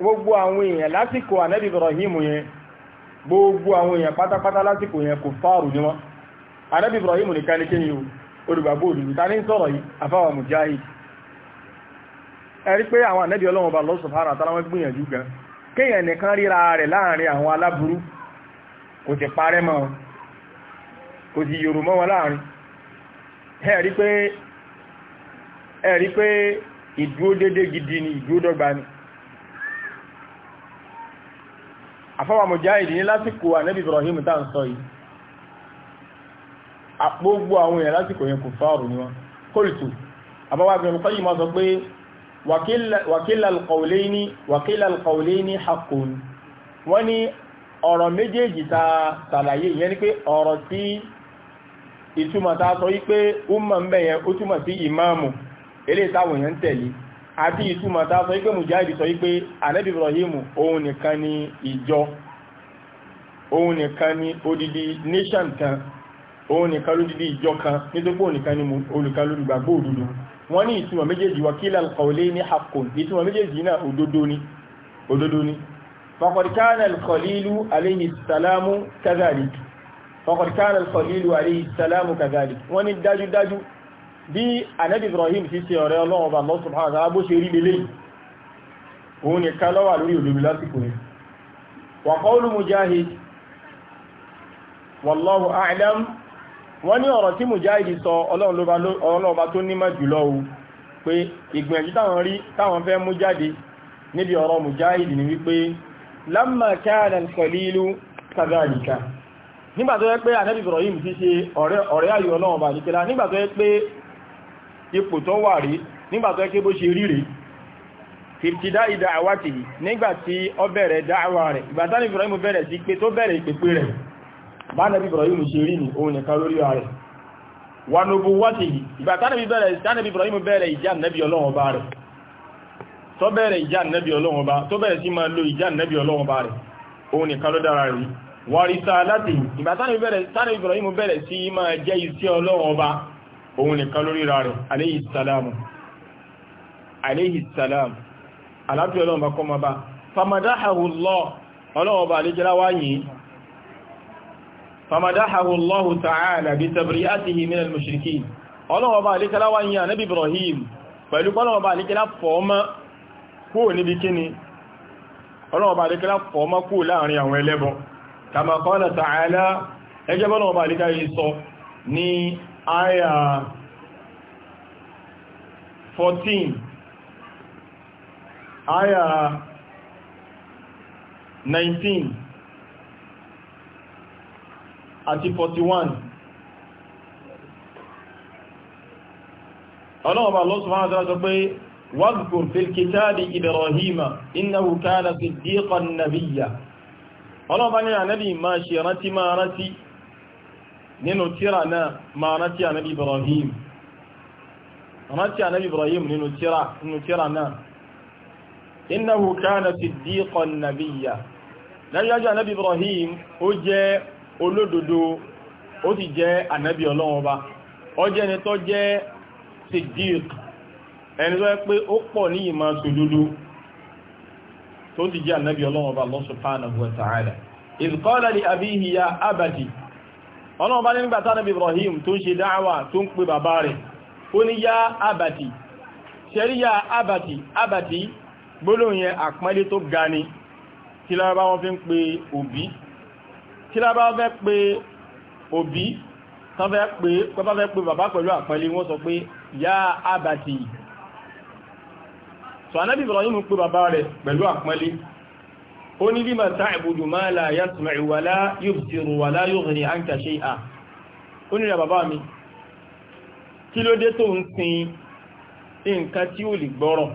[SPEAKER 1] gbogbo àwọn èèyàn lásìkò ànábì Ibrahim yẹn gbogbo àwọn èèyàn pátápátá lásìkò yẹn kuffaru ni wọ́n ànábì Ibrahim nìkan ní kíni o olùgbàgbọ́ òdùdù ta ní sọ̀rọ̀ yìí afáwà mujahid ẹ̀rí pé àwọn ànábì Ọlọ́run bá lọ́sùn fara gbìyànjú gan-an kéèyàn nìkan ríra rẹ̀ láàrin àwọn aláburú kò sì parẹ́ mọ́ wọn kò sì yòrò mọ́ wọn láàrin ẹ̀rí pé ẹ̀rí pé ìdúódédé gidi ni ìdúódọ́gba ni àfọwà Mujahid ní lásìkò ànábì Ibrahim tá ń sọ yìí àpógbó àwọn èèyàn lásìkò yẹn kò fáàrù ni wọn kóòtù àbáwá sọ wàkílà alkọ̀ọ̀lẹ́ni wàkílà alkọ̀ọ̀lẹ́ni hakun wọ́n ní ọ̀rọ̀ méjèèjì ta tàlàyé yẹn ni pé ọ̀rọ̀ tí ìtumọ̀ ta sọ wípé umma ń bẹ̀yẹn ó túmọ̀ sí ìmáàmù eléyìí táwọn èèyàn tẹ̀lé àti ìtumọ̀ ta sọ wípé mujahid sọ wípé anabi ibrahim òun nìkan ni ìjọ òun nìkan ni odidi nation kan pé òun nìkan ni wọ́n ní ìtumọ̀ méjèèjì wakila alqawlayni haqqun ìtumọ̀ méjèèjì náà òdodo ni òdodo ni faqad kana alkhalilu alayhi salamu kadhalik faqad kana alkhalilu alayhi salamu kadhalik wọ́n ní dájúdájú bí anabi ibrahim ti ṣe ọ̀rẹ́ ọlọ́run wọ́n ní ọ̀rọ̀ tí Mujahid sọ Ọlọ́run ló tó nímọ̀ jùlọ o pé ìgbìyànjú táwọn rí táwọn fẹ́ mú jáde níbi ọ̀rọ̀ Mujahid ni wípé lamma kana al-khalilu kadhalika nígbà tó yẹ pé Ànábì Ibrahim ti ṣe ọ̀rẹ́ ayò Ọlọ́run bá nìkẹ́lá nígbà tó yẹ pé ipò tó wà rí nígbà tó yẹ pé bó bánàbí Ibrahim ṣe rí ní òun nìkan lórí ààrẹ wà nóbù wáṣe yìí ìgbà tánàbí Ibrahim bẹ̀rẹ̀ ìjà nẹ́bí ọlọ́run ọba rẹ̀ tó bẹ̀rẹ̀ ìjà nẹ́bí ọlọ́run ọba tó bẹ̀rẹ̀ sí máa lo ìjà nẹ́bí ọlọ́run ọba rẹ̀ òun nìkan ló dára rí wà risalati ìgbà tánàbí Ibrahim bẹ̀rẹ̀ sí máa jẹ́ iṣẹ́ ọlọ́run ọba òun nìkan lórí rẹ̀ alayhi salamu alayhi salamu aláàbí ọlọ́run ọba kọ́ mọ́ bá famadahahu Allah ọlọ́run ọba àlejẹ́lá wáyìí فمدحه الله تعالى بتبرئته من المشركين الله بارك له وان يا نبي ابراهيم pẹ̀lú pọ́lọ̀wọ̀ bá ní kí lá fọ́ọ́mọ́ kúrò níbi kíni ọlọ́wọ̀ bá ní kí lá fọ́ọ́mọ́ kúrò láàrin àwọn ẹlẹ́bọ kama qala ta'ala ẹjẹ́ bọ́lọ̀wọ̀ bá ní káyí sọ ní àyà 14 àyà 19 àti 41 ọlọ́ọ̀bà lọ́sùnmọ́ àtàrà pé wazkur fil kitabi ibrahima innahu kana siddiqan nabiyya ọlọ́ọ̀bà ní ànábì ma ṣe rántí ma rántí nínú tíra náà ma rántí ànábì ibrahim rántí ànábì ibrahim nínú tíra náà innahu ibrahim ó jẹ́ olódodo ó sì jẹ́ ànábì ọlọ́run ọba ó jẹ́ ẹni tó jẹ́ siddiq ẹni tó yẹ pé ó pọ̀ ní ìmọ̀ sòdodo tó sì jẹ́ ànábì ọlọ́run ọba Allah subhanahu wa ta'ala idh qala li abati ọlọ́run ọba nígbà Ibrahim tó ń ṣe dáhàwà tó ya abati ṣẹ́rí abati abati gbólóhùn yẹn àpọ́nlé tó ga ni kí lára bá wọ́n fi ń pe òbí tí lábá fẹ́ pé òbí tán fẹ́ pé pẹ́pá fẹ́ pé bàbá pẹ̀lú àpẹẹlẹ wọ́n sọ pé yá àbàtì so anábì Ibrahim pé bàbá rẹ̀ pẹ̀lú àpẹẹlẹ ó ní lima ta'budu ma la yasma'u wa la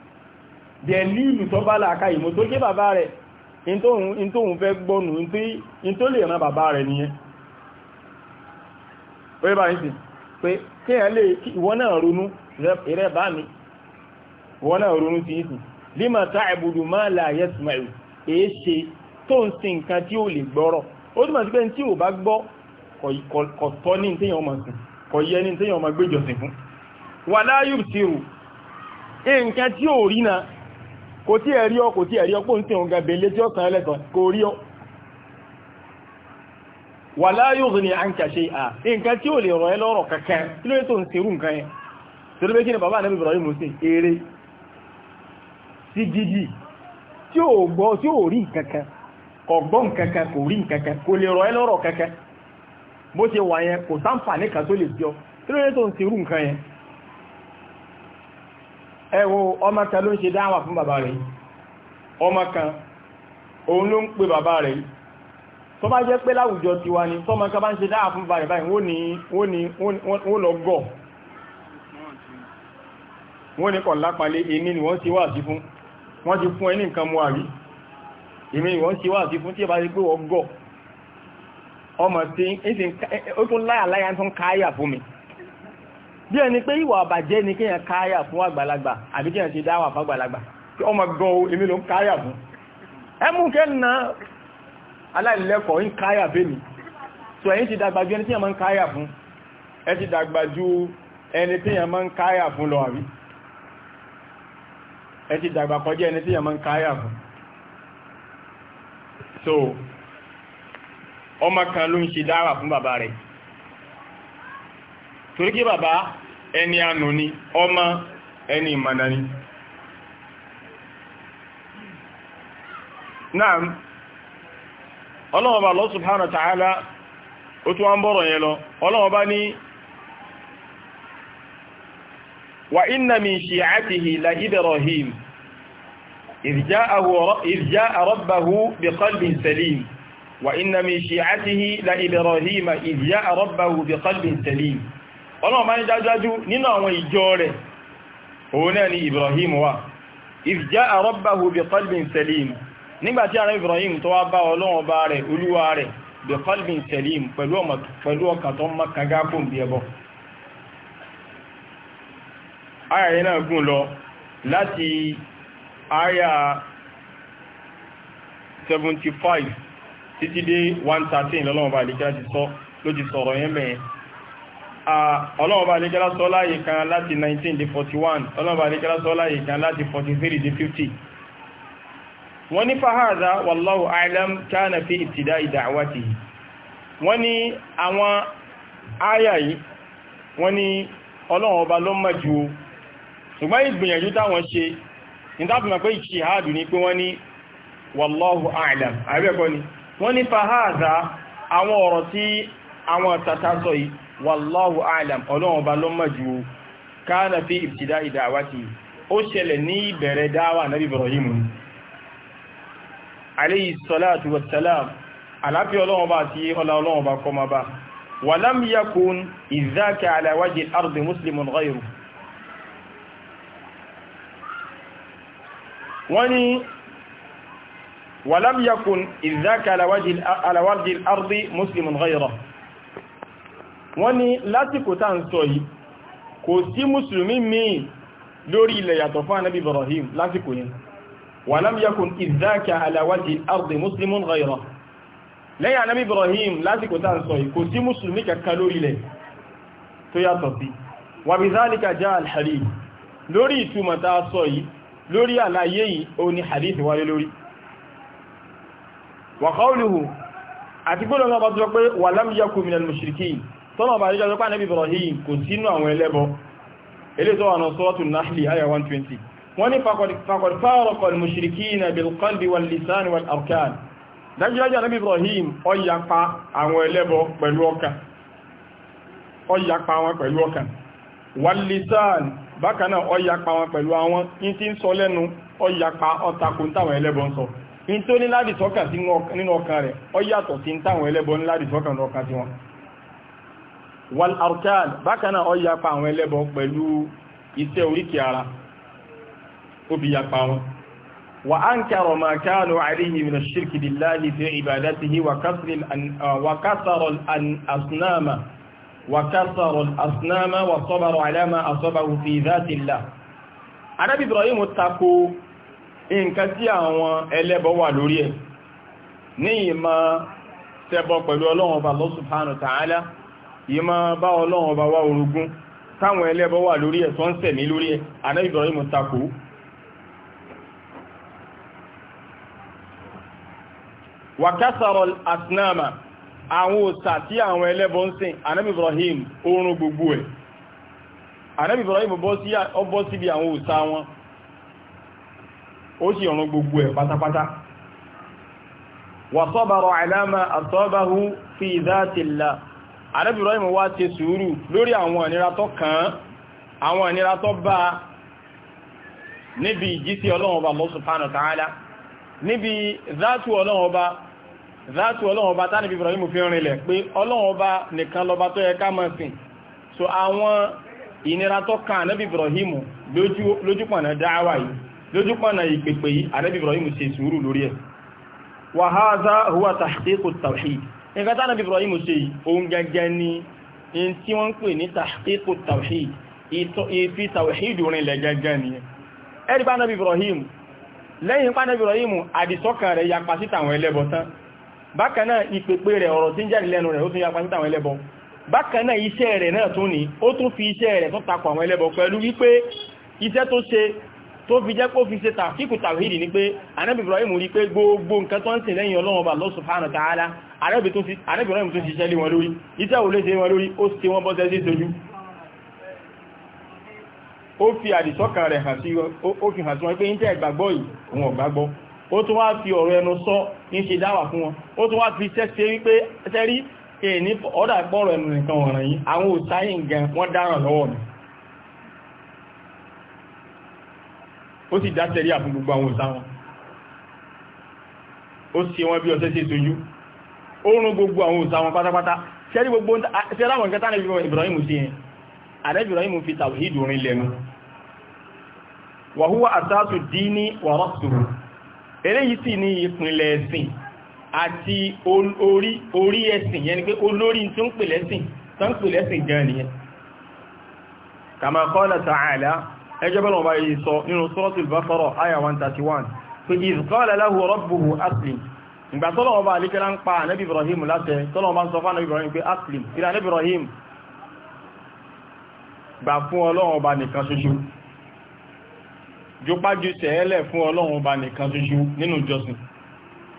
[SPEAKER 1] dẹ̀lílù tó bá làákà ìmọ̀ tó jẹ́ bàbá rẹ̀ in tó ń fẹ́ gbọ́nù in ran bàbá rẹ̀ nìyẹn pé bá ń pe pé kí lè na náà ronú rẹ̀ mi ìwọ ti isi lima ta'budu ma la yasma'u èé ṣe tó ń sin nǹkan tí ó wala yubsiru kò tí ẹ̀rí ọ kò tí ẹ̀rí ọ pò ń tí òun gẹ̀bẹ̀ ilé tí ó sàn ẹlẹ́sàn kò rí ọ wà láyò rí ni a ń kàṣe à nǹkan tí ó lè ràn ẹ́ lọ́rọ̀ kankan kí ló yẹ tó ń serú nǹkan yẹn gidi tí ó gbọ́ tí ó rí kankan kò gbọ́ nǹkankan kò rí nǹkankan kò lè ràn ẹ́ lọ́rọ̀ ló yẹ tó ń serú nǹkan yẹn ẹ wo ọmọ kan ló ń ṣe dáwà fún bàbá rẹ̀ ọmọ kan òun ló ń pè bàbá rẹ̀ tó bá jẹ́ pé láwùjọ tiwa ni tọ́mọ kan bá ń ṣe dáwà fún bàbá rẹ̀ báyìí wọ́n ní wọ́n ní wọ́n lọ gọ̀ wọ́n ní kọ̀ lápalẹ̀ èmi ni wọ́n ti wà sí fún wọ́n ti fún ẹ ní nǹkan mú àrí èmi ni wọ́n ti wà sí fún tí ẹ bá ti pé wọ́n gọ̀ ọmọ tí ó tún láyà láyà tó ń káyà fún mi bí ẹni pé ìwà ọ̀bàjẹ́ ni kíyàn káyà fún àgbàlagbà àbí kíyàn ti dáwà fún àgbàlagbà kí ọmọ gan o èmi ló ń káyà fún ẹmú kẹ́nà aláìlẹ́kọ̀ọ́ ń káyà bẹ́mi tó ẹ̀yìn ti dàgbà ju ẹni tíyàn máa ń káyà fún ẹ ti dàgbà ju ẹni tíyàn máa ń káyà fún lọ àbí ẹ ti dàgbà kọjá ẹni tíyàn máa ń káyà fún so ọmọ kan ló ń ṣe dáwà fún bàbá rẹ̀ torí kí bàbá ẹni ànù ni ọmọ ẹni ìmọ̀nà ni náà ọlọ́wọ́ba Allah subhanahu wa ta'ala ó tún wá ń bọ́rọ̀ yẹn lọ ọlọ́wọ́ba ní wa inna min shi'atihi la Ibrahim إذ جاءه إذ جاء ربه بقلب سليم وإن من شيعته لإبراهيم إذ جاء ربه بقلب سليم ọlọ́run bá ní dájúdájú nínú àwọn ìjọ rẹ̀ òun náà ni Ibrahim wà ìfìjá rabbahu bi qalbin salim nígbàtí ara Ibrahim tó wá bá ọlọ́run bá rẹ̀ olúwa rẹ̀ bi qalbin salim pẹ̀lú ọkàn tó mọ́kàn gápùn bí ẹbọ ayàyẹ náà gùn ọlọ́ọ̀bá àdékẹ́lá sọ láyé kan láti 19 dé 41 ọlọ́ọ̀bá àdékẹ́lá sọ láyé láti 43 50 wọ́n ní fahadha wallahu a'lam kana fi ibtida'i da'watihi wọ́n ní àwọn áyà yìí wọ́n ní ọlọ́ọ̀bá ló mọ̀ jù ṣùgbọ́n ìgbìyànjú táwọn ṣe ìdábìmọ̀ pé ìṣìhádù ní pé wọ́n ní wallahu a'lam àríẹ̀kọ́ ni àwọn ọ̀rọ̀ tí àwọn tàtà yìí wallahu alam ọlọ́run ọba ló mọ̀ jù kana fi ibtida'i da'wati ó ṣẹlẹ̀ ní ìbẹ̀rẹ̀ dáwà nabi ibrahim alayhi salatu wassalam àláfíà ọlọ́run ọba àti ọlá ọlọ́run ọba kọmọ bá walam yakun idhaka ala wajhi al-ardi muslimun ghayru wọ́n ni wọ́n ní lásìkò tá ń sọ yìí kò sí mùsùlùmí míì lórí ilẹ̀ yàtọ̀ fún anábì Ibrahim lásìkò yìí wà lam yakun ìzáka ala wajhi al-ardi muslimun lẹ́yìn anábì Ibrahim lásìkò tá ń sọ yìí kò sí mùsùlùmí kankan lórí ilẹ̀ tó yàtọ̀ sí wà bí zálika já al àti gbọ́dọ̀ náà bá sọ wà lam yakun minal tọ́nà bá ríjọ́ pẹ́ ànábì Ibrahim kò sínú àwọn ẹlẹ́bọ eléso wà náà sọ́ọ̀tù 120 wọ́n ní faqad faraqa al-mushrikina bil-qalbi wal-lisani wal-arkan dájúdájú ànábì Ibrahim ó yapa àwọn ẹlẹ́bọ pẹ̀lú ọkàn ó yapa wọn pẹ̀lú ọkàn wal-lisan bákan wal arkan bákan náà ó yapa àwọn ẹlẹ́bọ pẹ̀lú iṣẹ́ oríkì ara ó fi yapa wọn wa ankara ma kanu alayhi min ash-shirki billahi fi ibadatihi wa kasri wa kasara al-asnama wa kasara al fi dhati llah Ànábì Ibrahim tako nǹkan tí àwọn ẹlẹ́bọ wà lórí ẹ̀ ní ìmọ̀ ṣẹbọ pẹ̀lú Ọlọ́run Ọba Allah subhanahu wa yìí máa bá ọlọ́run ọba wá orogún táwọn ẹlẹ́bọ wà lórí ẹ̀ tó ń sẹ̀mí lórí ẹ̀ Ànábì Ibrahim takò wàkásàrọ̀ àtìnáàmà àwọn òsà tí àwọn ẹlẹ́bọ ń sìn Ànábì Ibrahim oorun gbogbo ẹ̀ Ànábì Ibrahim bọ́ síbi àwọn òsà wọn Ànábì Ibrahim wá ṣe sùúrù lórí àwọn ìnira tó kàn àwọn ìnira tó bá níbi ìjísí Ọlọ́run Ọba Allah subhanahu níbi záàtù Ọlọ́run Ọba záàtù Ọlọ́run Ọba tánàbí pé Ọlọ́run nìkan lọba tó yẹ wa hadha huwa tahqiqu tawhid nǹkan tí Ànábì Ibrahim ṣe yìí òun gẹ́gẹ́ ni in tí wọ́n ń pè ní tahqiqu tawhid ìfi tawhid rinlẹ̀ gẹ́gẹ́ ni ẹ̀rí bá Ànábì Ibrahim lẹ́yìn pa Ànábì Ibrahim àdìsọ́kàn rẹ̀ yapa sí tàwọn ẹlẹ́bọ tán bákan náà ìpèpè rẹ̀ ọ̀rọ̀ tí ń jáde lẹ́nu rẹ̀ ó tún yapa sí tàwọn ẹlẹ́bọ bákan náà iṣẹ́ rẹ̀ náà tún ní ó tún fi iṣẹ́ rẹ̀ tó takò àwọn ẹlẹ́bọ fi jẹ́ kó fi ṣe tàfíkù tàwíìdì ní pé Ànábì Ibrahim rí pé gbogbo nǹkan tó ń sìn lẹ́yìn Ọlọ́run Ọba Allah subhanahu wa àrẹ́bìnrin tó ṣiṣẹ́ lé wọn lórí iṣẹ́ ò lè ṣe wọn lórí ó ṣe wọ́n bọ́sẹ̀ sí ìṣojú ó fi àdìsọ́kàn rẹ̀ hàn sí ó fi hàn sí wọn pé ń tẹ́ ìgbàgbọ́ yìí òun ọ̀gbàgbọ́ ó tún wá fi ọ̀rọ̀ ẹnu sọ ní ṣe dáwà fún wọn ó tún wá fi ṣẹ́ṣe wípé ṣẹ́rí èní ọ̀dà pọ̀rọ̀ ẹnu nìkan wọ̀ràn yìí àwọn òsáyìn gan wọ́n dáràn lọ́wọ́ mi ó sì dá ṣẹ́rí àfún gbogbo àwọn òsá wọn ó sì wọn bí ọṣẹ́ ṣe sojú oorun gbogbo àwọn òsà wọn pátápátá ṣẹ́rí gbogbo ṣẹ́ráwọn nǹkan tánà Ibrahim sí yẹn ààrẹ Ibrahim fi tawhid orin lẹ́nu wa huwa àtàtù dini wa rasuhu eléyìí sì ní ìpìnlẹ̀ ẹ̀sìn àti orí ẹ̀sìn yẹn ni pé olórí tó ń pèlẹ̀ ẹ̀sìn tó ń pèlẹ̀ ẹ̀sìn gan nìyẹn kama qala ìgbà tọ́lọ̀wọ́ bá alékẹ́lá ń pa ànábì Ibrahim láti tọ́lọ̀wọ́ bá ń sọ fún Ibrahim pé aslim ìrìn ànábì Ibrahim gbà fún ọlọ́run ọba nìkan ṣoṣo jópájú tẹ̀ẹ́lẹ̀ fún ọlọ́run ọba nìkan ṣoṣo nínú ìjọsìn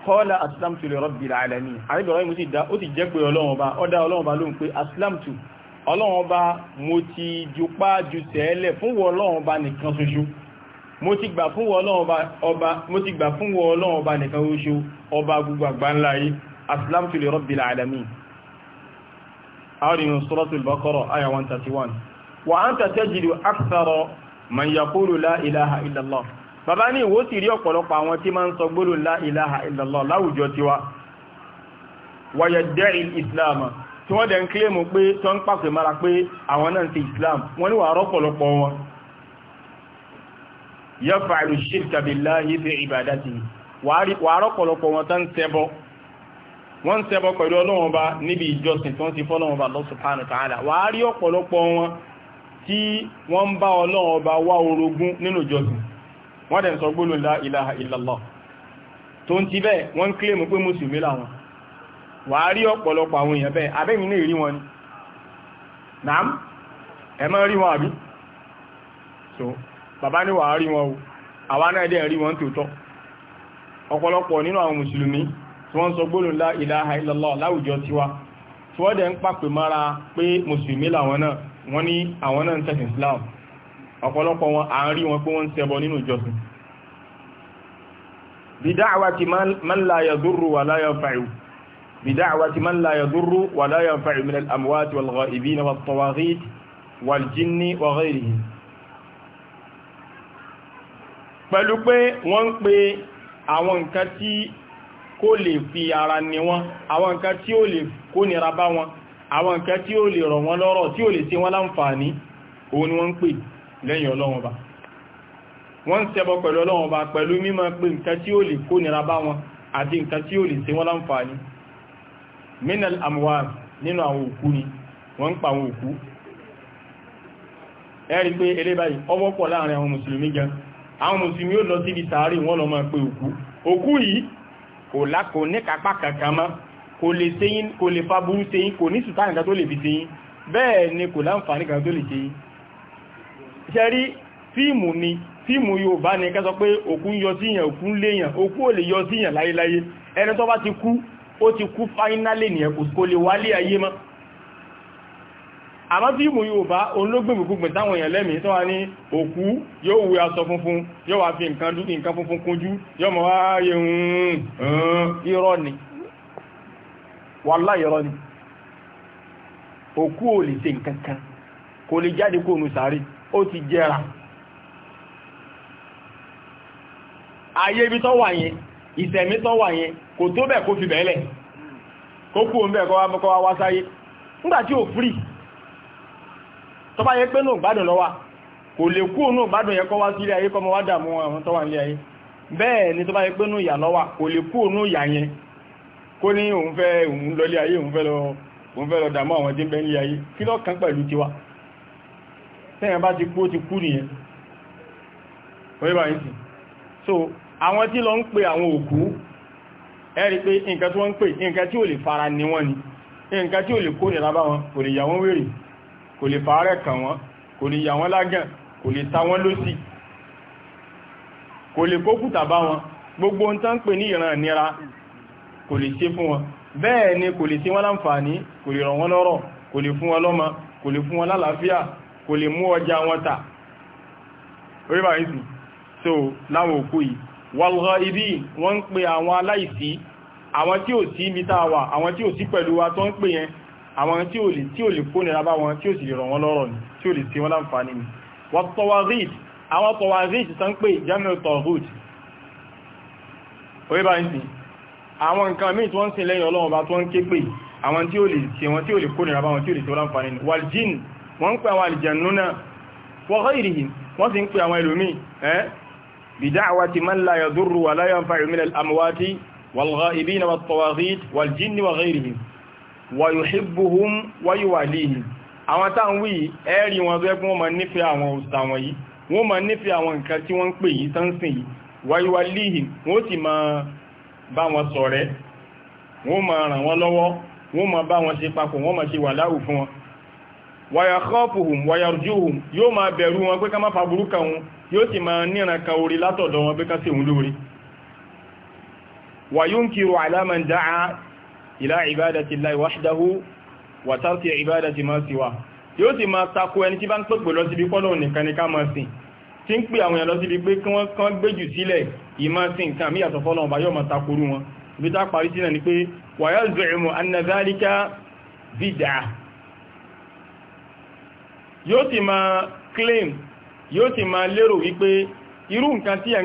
[SPEAKER 1] kọ́lá aslamtu li rabbil alamin ànábì Ibrahim sì dá ó ti jẹ́ pé ọlọ́run ọba ó dá ọlọ́run ọba lóhùn pé aslamtu ọlọ́run ọba mo ti jópájú mo ti gbà fún wọ ọlọ́run ọba nìkan oṣù ọba gbogbo àgbáńlá yìí aslamtu li rabbil alamin arinu suratul baqara aya 131 wa anta tajidu akthara man yaqulu la ilaha illallah bàbá ní ìwó sì rí ọ̀pọ̀lọpọ̀ àwọn tí máa ń sọ gbólù la ilaha illallah láwùjọ tiwa wa yadda'i islam tí wọ́n dẹ̀ ń kílèmù pé tó yaf'alu shirka billahi fi ibadatihi wàárọ̀ pọ̀lọpọ̀ wọn tán ṣẹbọ wọ́n ń ṣẹbọ pẹ̀lú Ọlọ́run Ọba níbi ìjọsìn tó ń ti fọ́lọ́run Ọba Allah subhanahu wa ta'ala wàárí ọ̀pọ̀lọpọ̀ wọn tí wọ́n ń bá Ọlọ́run Ọba wá orogún nínú ìjọsìn wọ́n dẹ̀ ń sọ gbólóhùn la ilaha illallah tó ń ti bẹ́ẹ̀ wọ́n ń kílèmù pé mùsùlùmí làwọn wàárí ọ̀pọ̀lọpọ̀ àwọn èèyàn bẹ́ẹ̀ abẹ́mi náà rí so bàbá ní wàá rí wọn o àwa náà dẹ̀ rí wọn tòótọ́ ọ̀pọ̀lọpọ̀ nínú àwọn mùsùlùmí tí wọ́n sọ gbólóhùn la ilaha illallah láwùjọ tiwa tí wọ́n dẹ̀ ń pàpè mára pé mùsùlùmí làwọn náà wọ́n ní àwọn náà ń tẹ̀sìn Islam ọ̀pọ̀lọpọ̀ wọn à ń rí wọn pé wọ́n ń ṣẹbọ pẹ̀lú pé wọ́n ń pe àwọn nǹkan tí kó lè fi ara ní wọn àwọn nǹkan tí ó lè kó nira bá wọn àwọn nǹkan tí ó lè rọ̀ wọn lọ́rọ̀ tí ó lè ṣe wọn láǹfààní òun ni wọ́n ń pè lẹ́yìn ọlọ́run ọba wọ́n ń ṣẹbọ pẹ̀lú ọlọ́run ọba pẹ̀lú mímọ̀ pé nǹkan tí ó lè kó nira bá wọn àti nǹkan tí ó lè ṣe wọn láǹfààní minal amwal nínú àwọn òkú ni wọ́n ń pa àwọn òkú ẹ rí pé eléyìí báyìí ọwọ́pọ̀ láàrin àwọn mùsùlùmí gan-an àwọn mùsùlùmí ó lọ sí ibi sàárì wọ́n lọ máa pe òkú òkú yìí kò lákò ní kápá kankan mọ́ kò lè sẹ́yìn kò lè fa burú sẹ́yìn kò ní sùtá tó lè fi sẹ́yìn bẹ́ẹ̀ ni kò láǹfààní kan tó lè sẹ́yìn ni fíìmù Yorùbá ni ká sọ pé òkú ń yọ síyàn òkú ń léyàn òkú ò lè àmọ́ tí mú Yorùbá òun ló gbèmù gbùngbùn táwọn èèyàn lẹ́mìí tó wà ní òkú yóò wé aṣọ funfun yóò wà fi nǹkan dúkì nǹkan funfun kúnjú yóò mọ̀ wá yẹ irọ́ ni wàláhì irọ́ ni òkú ò lè ṣe nǹkan kan kò lè jáde kó nù sàárì ó ti jẹrà ayé ibi tó wà bẹ̀ kó fi bẹ̀ẹ́lẹ̀ kó kú òun bẹ̀ kọ́ wá sáyé nígbà ò free tó bá yẹ pé nù gbádùn lọ́wà kò lè kú nù gbádùn yẹ kọ́ wá sílé ayé kọmọ wá dàmú àwọn tó wà ní ayé bẹ́ẹ̀ ni tó bá yẹ pé nù ìyà lọ́wà kò lè kú nù ìyà yẹn kó ní òun fẹ́ òun lọlé ayé òun fẹ́ lọ òun fẹ́ lọ dàmú àwọn tí ń ní ayé kí ló kàn pẹ̀lú tiwa tẹ́yìn bá ti kú ti kú nìyẹn so àwọn tí lọ ń pe àwọn òkú ẹ rí pé nǹkan tí wọ́n ń pè nǹkan tí ò lè fara ni wọ́n kò lè fàárẹ̀ kàn wọ́n kò lè yà wọ́n lágàn kò lè ta wọ́n lọ́sì kò lè kókùtà bá wọn gbogbo ń tán pè ní ìran ìnira kò lè ṣe fún wọn bẹ́ẹ̀ ni kò lè ṣe wọ́n láǹfààní kò lè ràn wọ́n lọ́rọ̀ kò lè fún wọn lọ́mọ kò lè fún wọn lálàáfíà kò lè mú ọjà wọn tà orí bá so láwọn òkú yìí wàlúwà ibi wọ́n ń pe àwọn aláìsí àwọn tí ò sí àwọn tí ò lè tí ò lè kónira bá wọn tí ò sì lè rọ̀ wọn lọ́rọ̀ ni tí ò lè tí wọ́n láǹfààní ni wọ́n tọwàríd àwọn tọwàríd tán pé jamiu tọrùd orí bá ń sìn àwọn nǹkan míì tí wọ́n ń lẹ́yìn ọlọ́run bá tó ń ké pé àwọn tí ò lè tí wọ́n tí ò lè kónira bá wọn tí ò lè tí wọ́n láǹfààní ni waljin wọ́n ń àwọn àlìjẹ̀nú náà wọ́n rọ́ ìrìhìn wọ́n sì ń pè àwọn ẹlòmíì بدعوة من لا يضر ولا ينفع من الأموات والغائبين والطواغيت والجن وغيرهم wàyùhìbùhùn wáyùwàlìhì àwọn táwọn wí ẹ́rí wọn tó ẹkùn wọn ma nífẹ́ àwọn òsà wọn yìí wọ́n ma nífẹ́ àwọn nǹkan tí wọ́n ń pè yìí sánsìn yìí wáyùwàlìhì wọ́n ti ma bá wọn ṣọ̀rẹ́ wọ́n ma ràn wọ́n lọ́wọ́ wọ́n ma bá wọn ṣe papọ̀ wọ́n ma ṣe wà láwù fún wọn wàyàkọ́pùhùn wàyàrjúhùn yóò ma bẹ̀rù wọn pé ká má fa burúkà wọn yóò sì ma níran kan orí látọ̀dọ̀ wọn pé ká sí òun lóore wàyúnkìrò àlámàndáà ìlà ìbádàtí láì wáṣídáhú wàtàrtí ìbádàtí máa síwá yóò sì máa takò ẹni tí bá ń pẹ̀pẹ̀ lọ síbi pọ́lọ̀ nìkan ní ká máa sìn tí ń pè àwọn èèyàn lọ síbi pé kí wọ́n kán gbéjù sílẹ̀ ìmáàsìn nǹkan mí yàtọ̀ fọ́lọ̀ ọba yóò máa takoru wọn ibi tá parí sínà ni pé wàyá zùrìmù anazalika bidà yóò sì máa claim yóò sì máa lérò wípé irú nǹkan tí à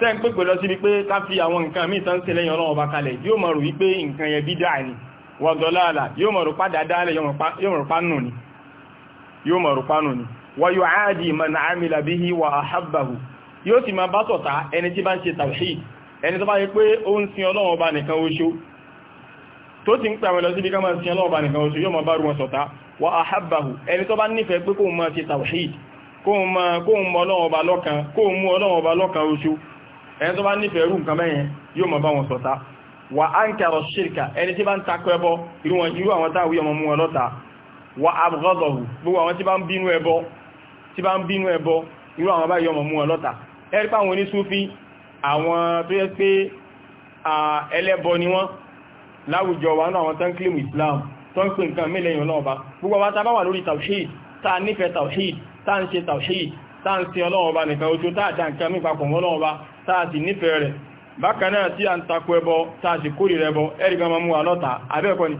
[SPEAKER 1] tẹ́ ń pèpè lọ síbi pé ká fi àwọn nǹkan míì tán ṣe lẹ́yìn ọlọ́run ọba kalẹ̀ yóò mọ̀ rò wípé nǹkan yẹn bí dáa ni wọ̀dọ̀láàlà yóò mọ̀ rò pa dáadáa lẹ̀ yóò mọ̀ rò pa nù ni yóò mọ̀ rò pa nù ni wọ́yọ̀ áàdì man amila bihi wa ahabbahu yóò sì máa bá sọ̀tá ẹni tí bá ń ṣe tawhid ẹni tó bá yẹ pé ó ń sin ọlọ́run ọba nìkan oṣù tó ti ń pè àwọn ìlọsíbí ká máa sin ọlọ́run ọba nìkan oṣù yóò máa bá rú wọn sọ̀tá wa lọ́kan oṣù ẹni tó bá nífẹ̀ẹ́ rú nǹkan mẹ́yẹn yóò mọ̀ bá wọn ṣọ̀tá wà á ń kẹrọ ṣírkà ẹni tí bá ń takọ ẹbọ irú àwọn táwí ọmọ mú wọn lọ́ta wà á bọ́dọ̀hù gbogbo àwọn tí bá ń bínú ẹbọ tí bá ń bínú ẹbọ irú àwọn báyìí ọmọ mú wọn lọ́ta ẹ̀rí pa àwọn onísúfí ni wọ́n láwùjọ wa náà àwọn tó tààtì nífẹ̀ẹ́ rẹ̀ bákan náà tí a ń takò ẹbọ tààtì kórì rẹbọ ẹ̀rìgá ma mú wa abẹ́ẹ̀kọ́ ni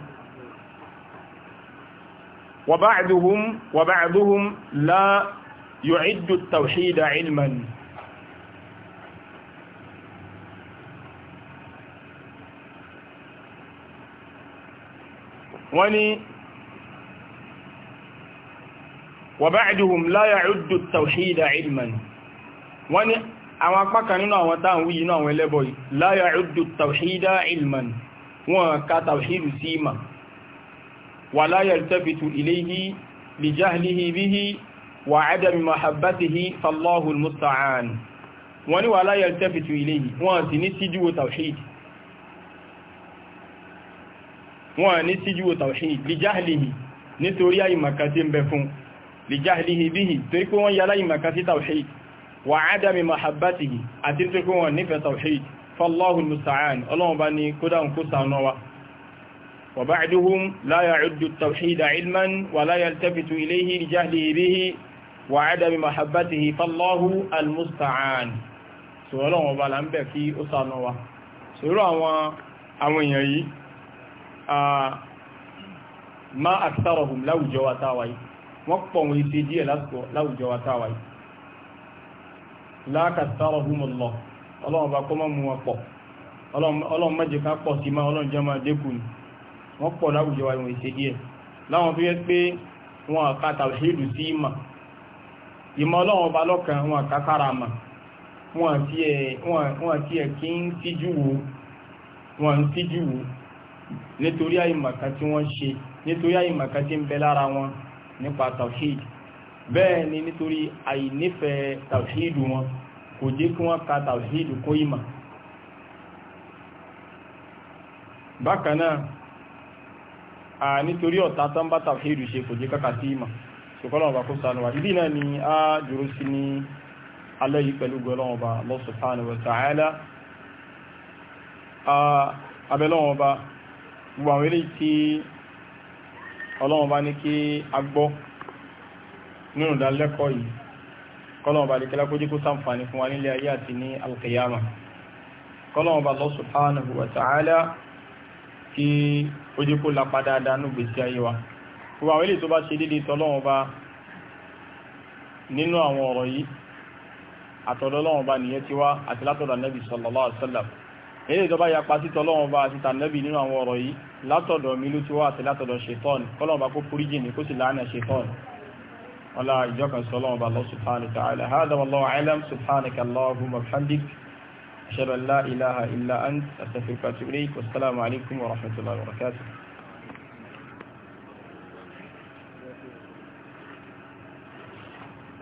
[SPEAKER 1] wa ba'duhum wa ba'duhum la yu'iddu at-tawhida 'ilman wọ́n àwọn apá kan nínú àwọn táwọn wí nínú àwọn ẹlẹ́bọ̀ yìí la ya'uddu tawhida ilman wọn ká tawhidu sí ìmà wa la yaltafitu ilayhi li jahlihi bihi wa 'adami mahabbatihi fallahu almusta'an wọ́n ní wa la yaltafitu ilayhi wọ́n sì ní wà ádàmì mahabbatihi àti tó kí wọ́n nífẹ̀ẹ́ tawhid fallahul musta'an ọlọ́run bá ní kódà ń kó sànú wa wa ba'duhum la ya'uddu tawhid ilman wa la yaltafitu ilayhi li jahlihi bihi wa ádàmì mahabbatihi fallahul musta'an sọ̀rọ̀ ọlọ́run bá là ń bẹ̀ kí ó wa sọ̀rọ̀ àwọn àwọn èèyàn yìí ma aktarahum láwùjọ wa táwa yìí wọ́n pọ̀ wọn ìṣe díẹ̀ láwùjọ wa táwa yìí láàkàtàrọ̀húnmọ̀lọ́ ọlọ́run bá kọ́ mọ́ mú wọn pọ̀ ọlọ́run má jẹ́ ká pọ̀ sí máa ọlọ́run jẹ́ máa dékù ni wọ́n pọ̀ láwùjọ wa ìwọ̀n ìṣe díẹ̀ láwọn tó yẹ pé wọn àka tàwíìdù sí ìmà ìmọ̀ ọlọ́run ọba lọ́kàn wọn àka kára mà wọn àti ẹ̀ kí ń tíjú wo wọn ń tíjú wo nítorí àìmọ̀kan tí wọ́n ṣe nítorí àìmọ̀kan tí ń bẹ lára wọn nípa tàwíìdù bẹ́ẹ̀ ni nítorí àìnífẹ̀ẹ́ tàwíìdù wọn kò jẹ́ kí wọ́n ka tàwíìdù kó ìmọ̀ bákan a nítorí ọ̀tá tán bá tàwíìdù ṣe kò jẹ́ káka sí ìmọ̀ ṣùgbọ́n ọba kó ni a dúró sí ní alẹ́ yìí pẹ̀lú gbọ́lọ́wọ́n ọba Allah subhanahu wa ta'ala abẹ́lọ́wọ́n ní kí a gbọ́ nínú ìdálẹ́kọ̀ọ́ yìí kọ́lọ̀ ọba àdìkẹ́lá kó jẹ́ kó ṣàǹfààní fún wa nílé ayé àti ní alkiyama kọ́lọ̀ ọba Allah subhanahu wa ta'ala kí ó jẹ́ kó lapa dáadáa ní gbèsè ayé wa gbogbo àwọn ilé tó bá ṣe tọ́lọ́wọ́n bá àti tànẹ́bì nínú àwọn ọ̀rọ̀ yìí látọ̀dọ̀ mi ló wá àti látọ̀dọ̀ ṣetán kọ́lọ̀ ọba kó foríjì ní kó sì láàánà ṣetán ولا يجب السلام على الله سبحانه وتعالى هذا والله أعلم سبحانك اللهم وبحمدك أشهد أن لا إله إلا أنت أستغفرك وأتوب إليك والسلام عليكم ورحمة الله وبركاته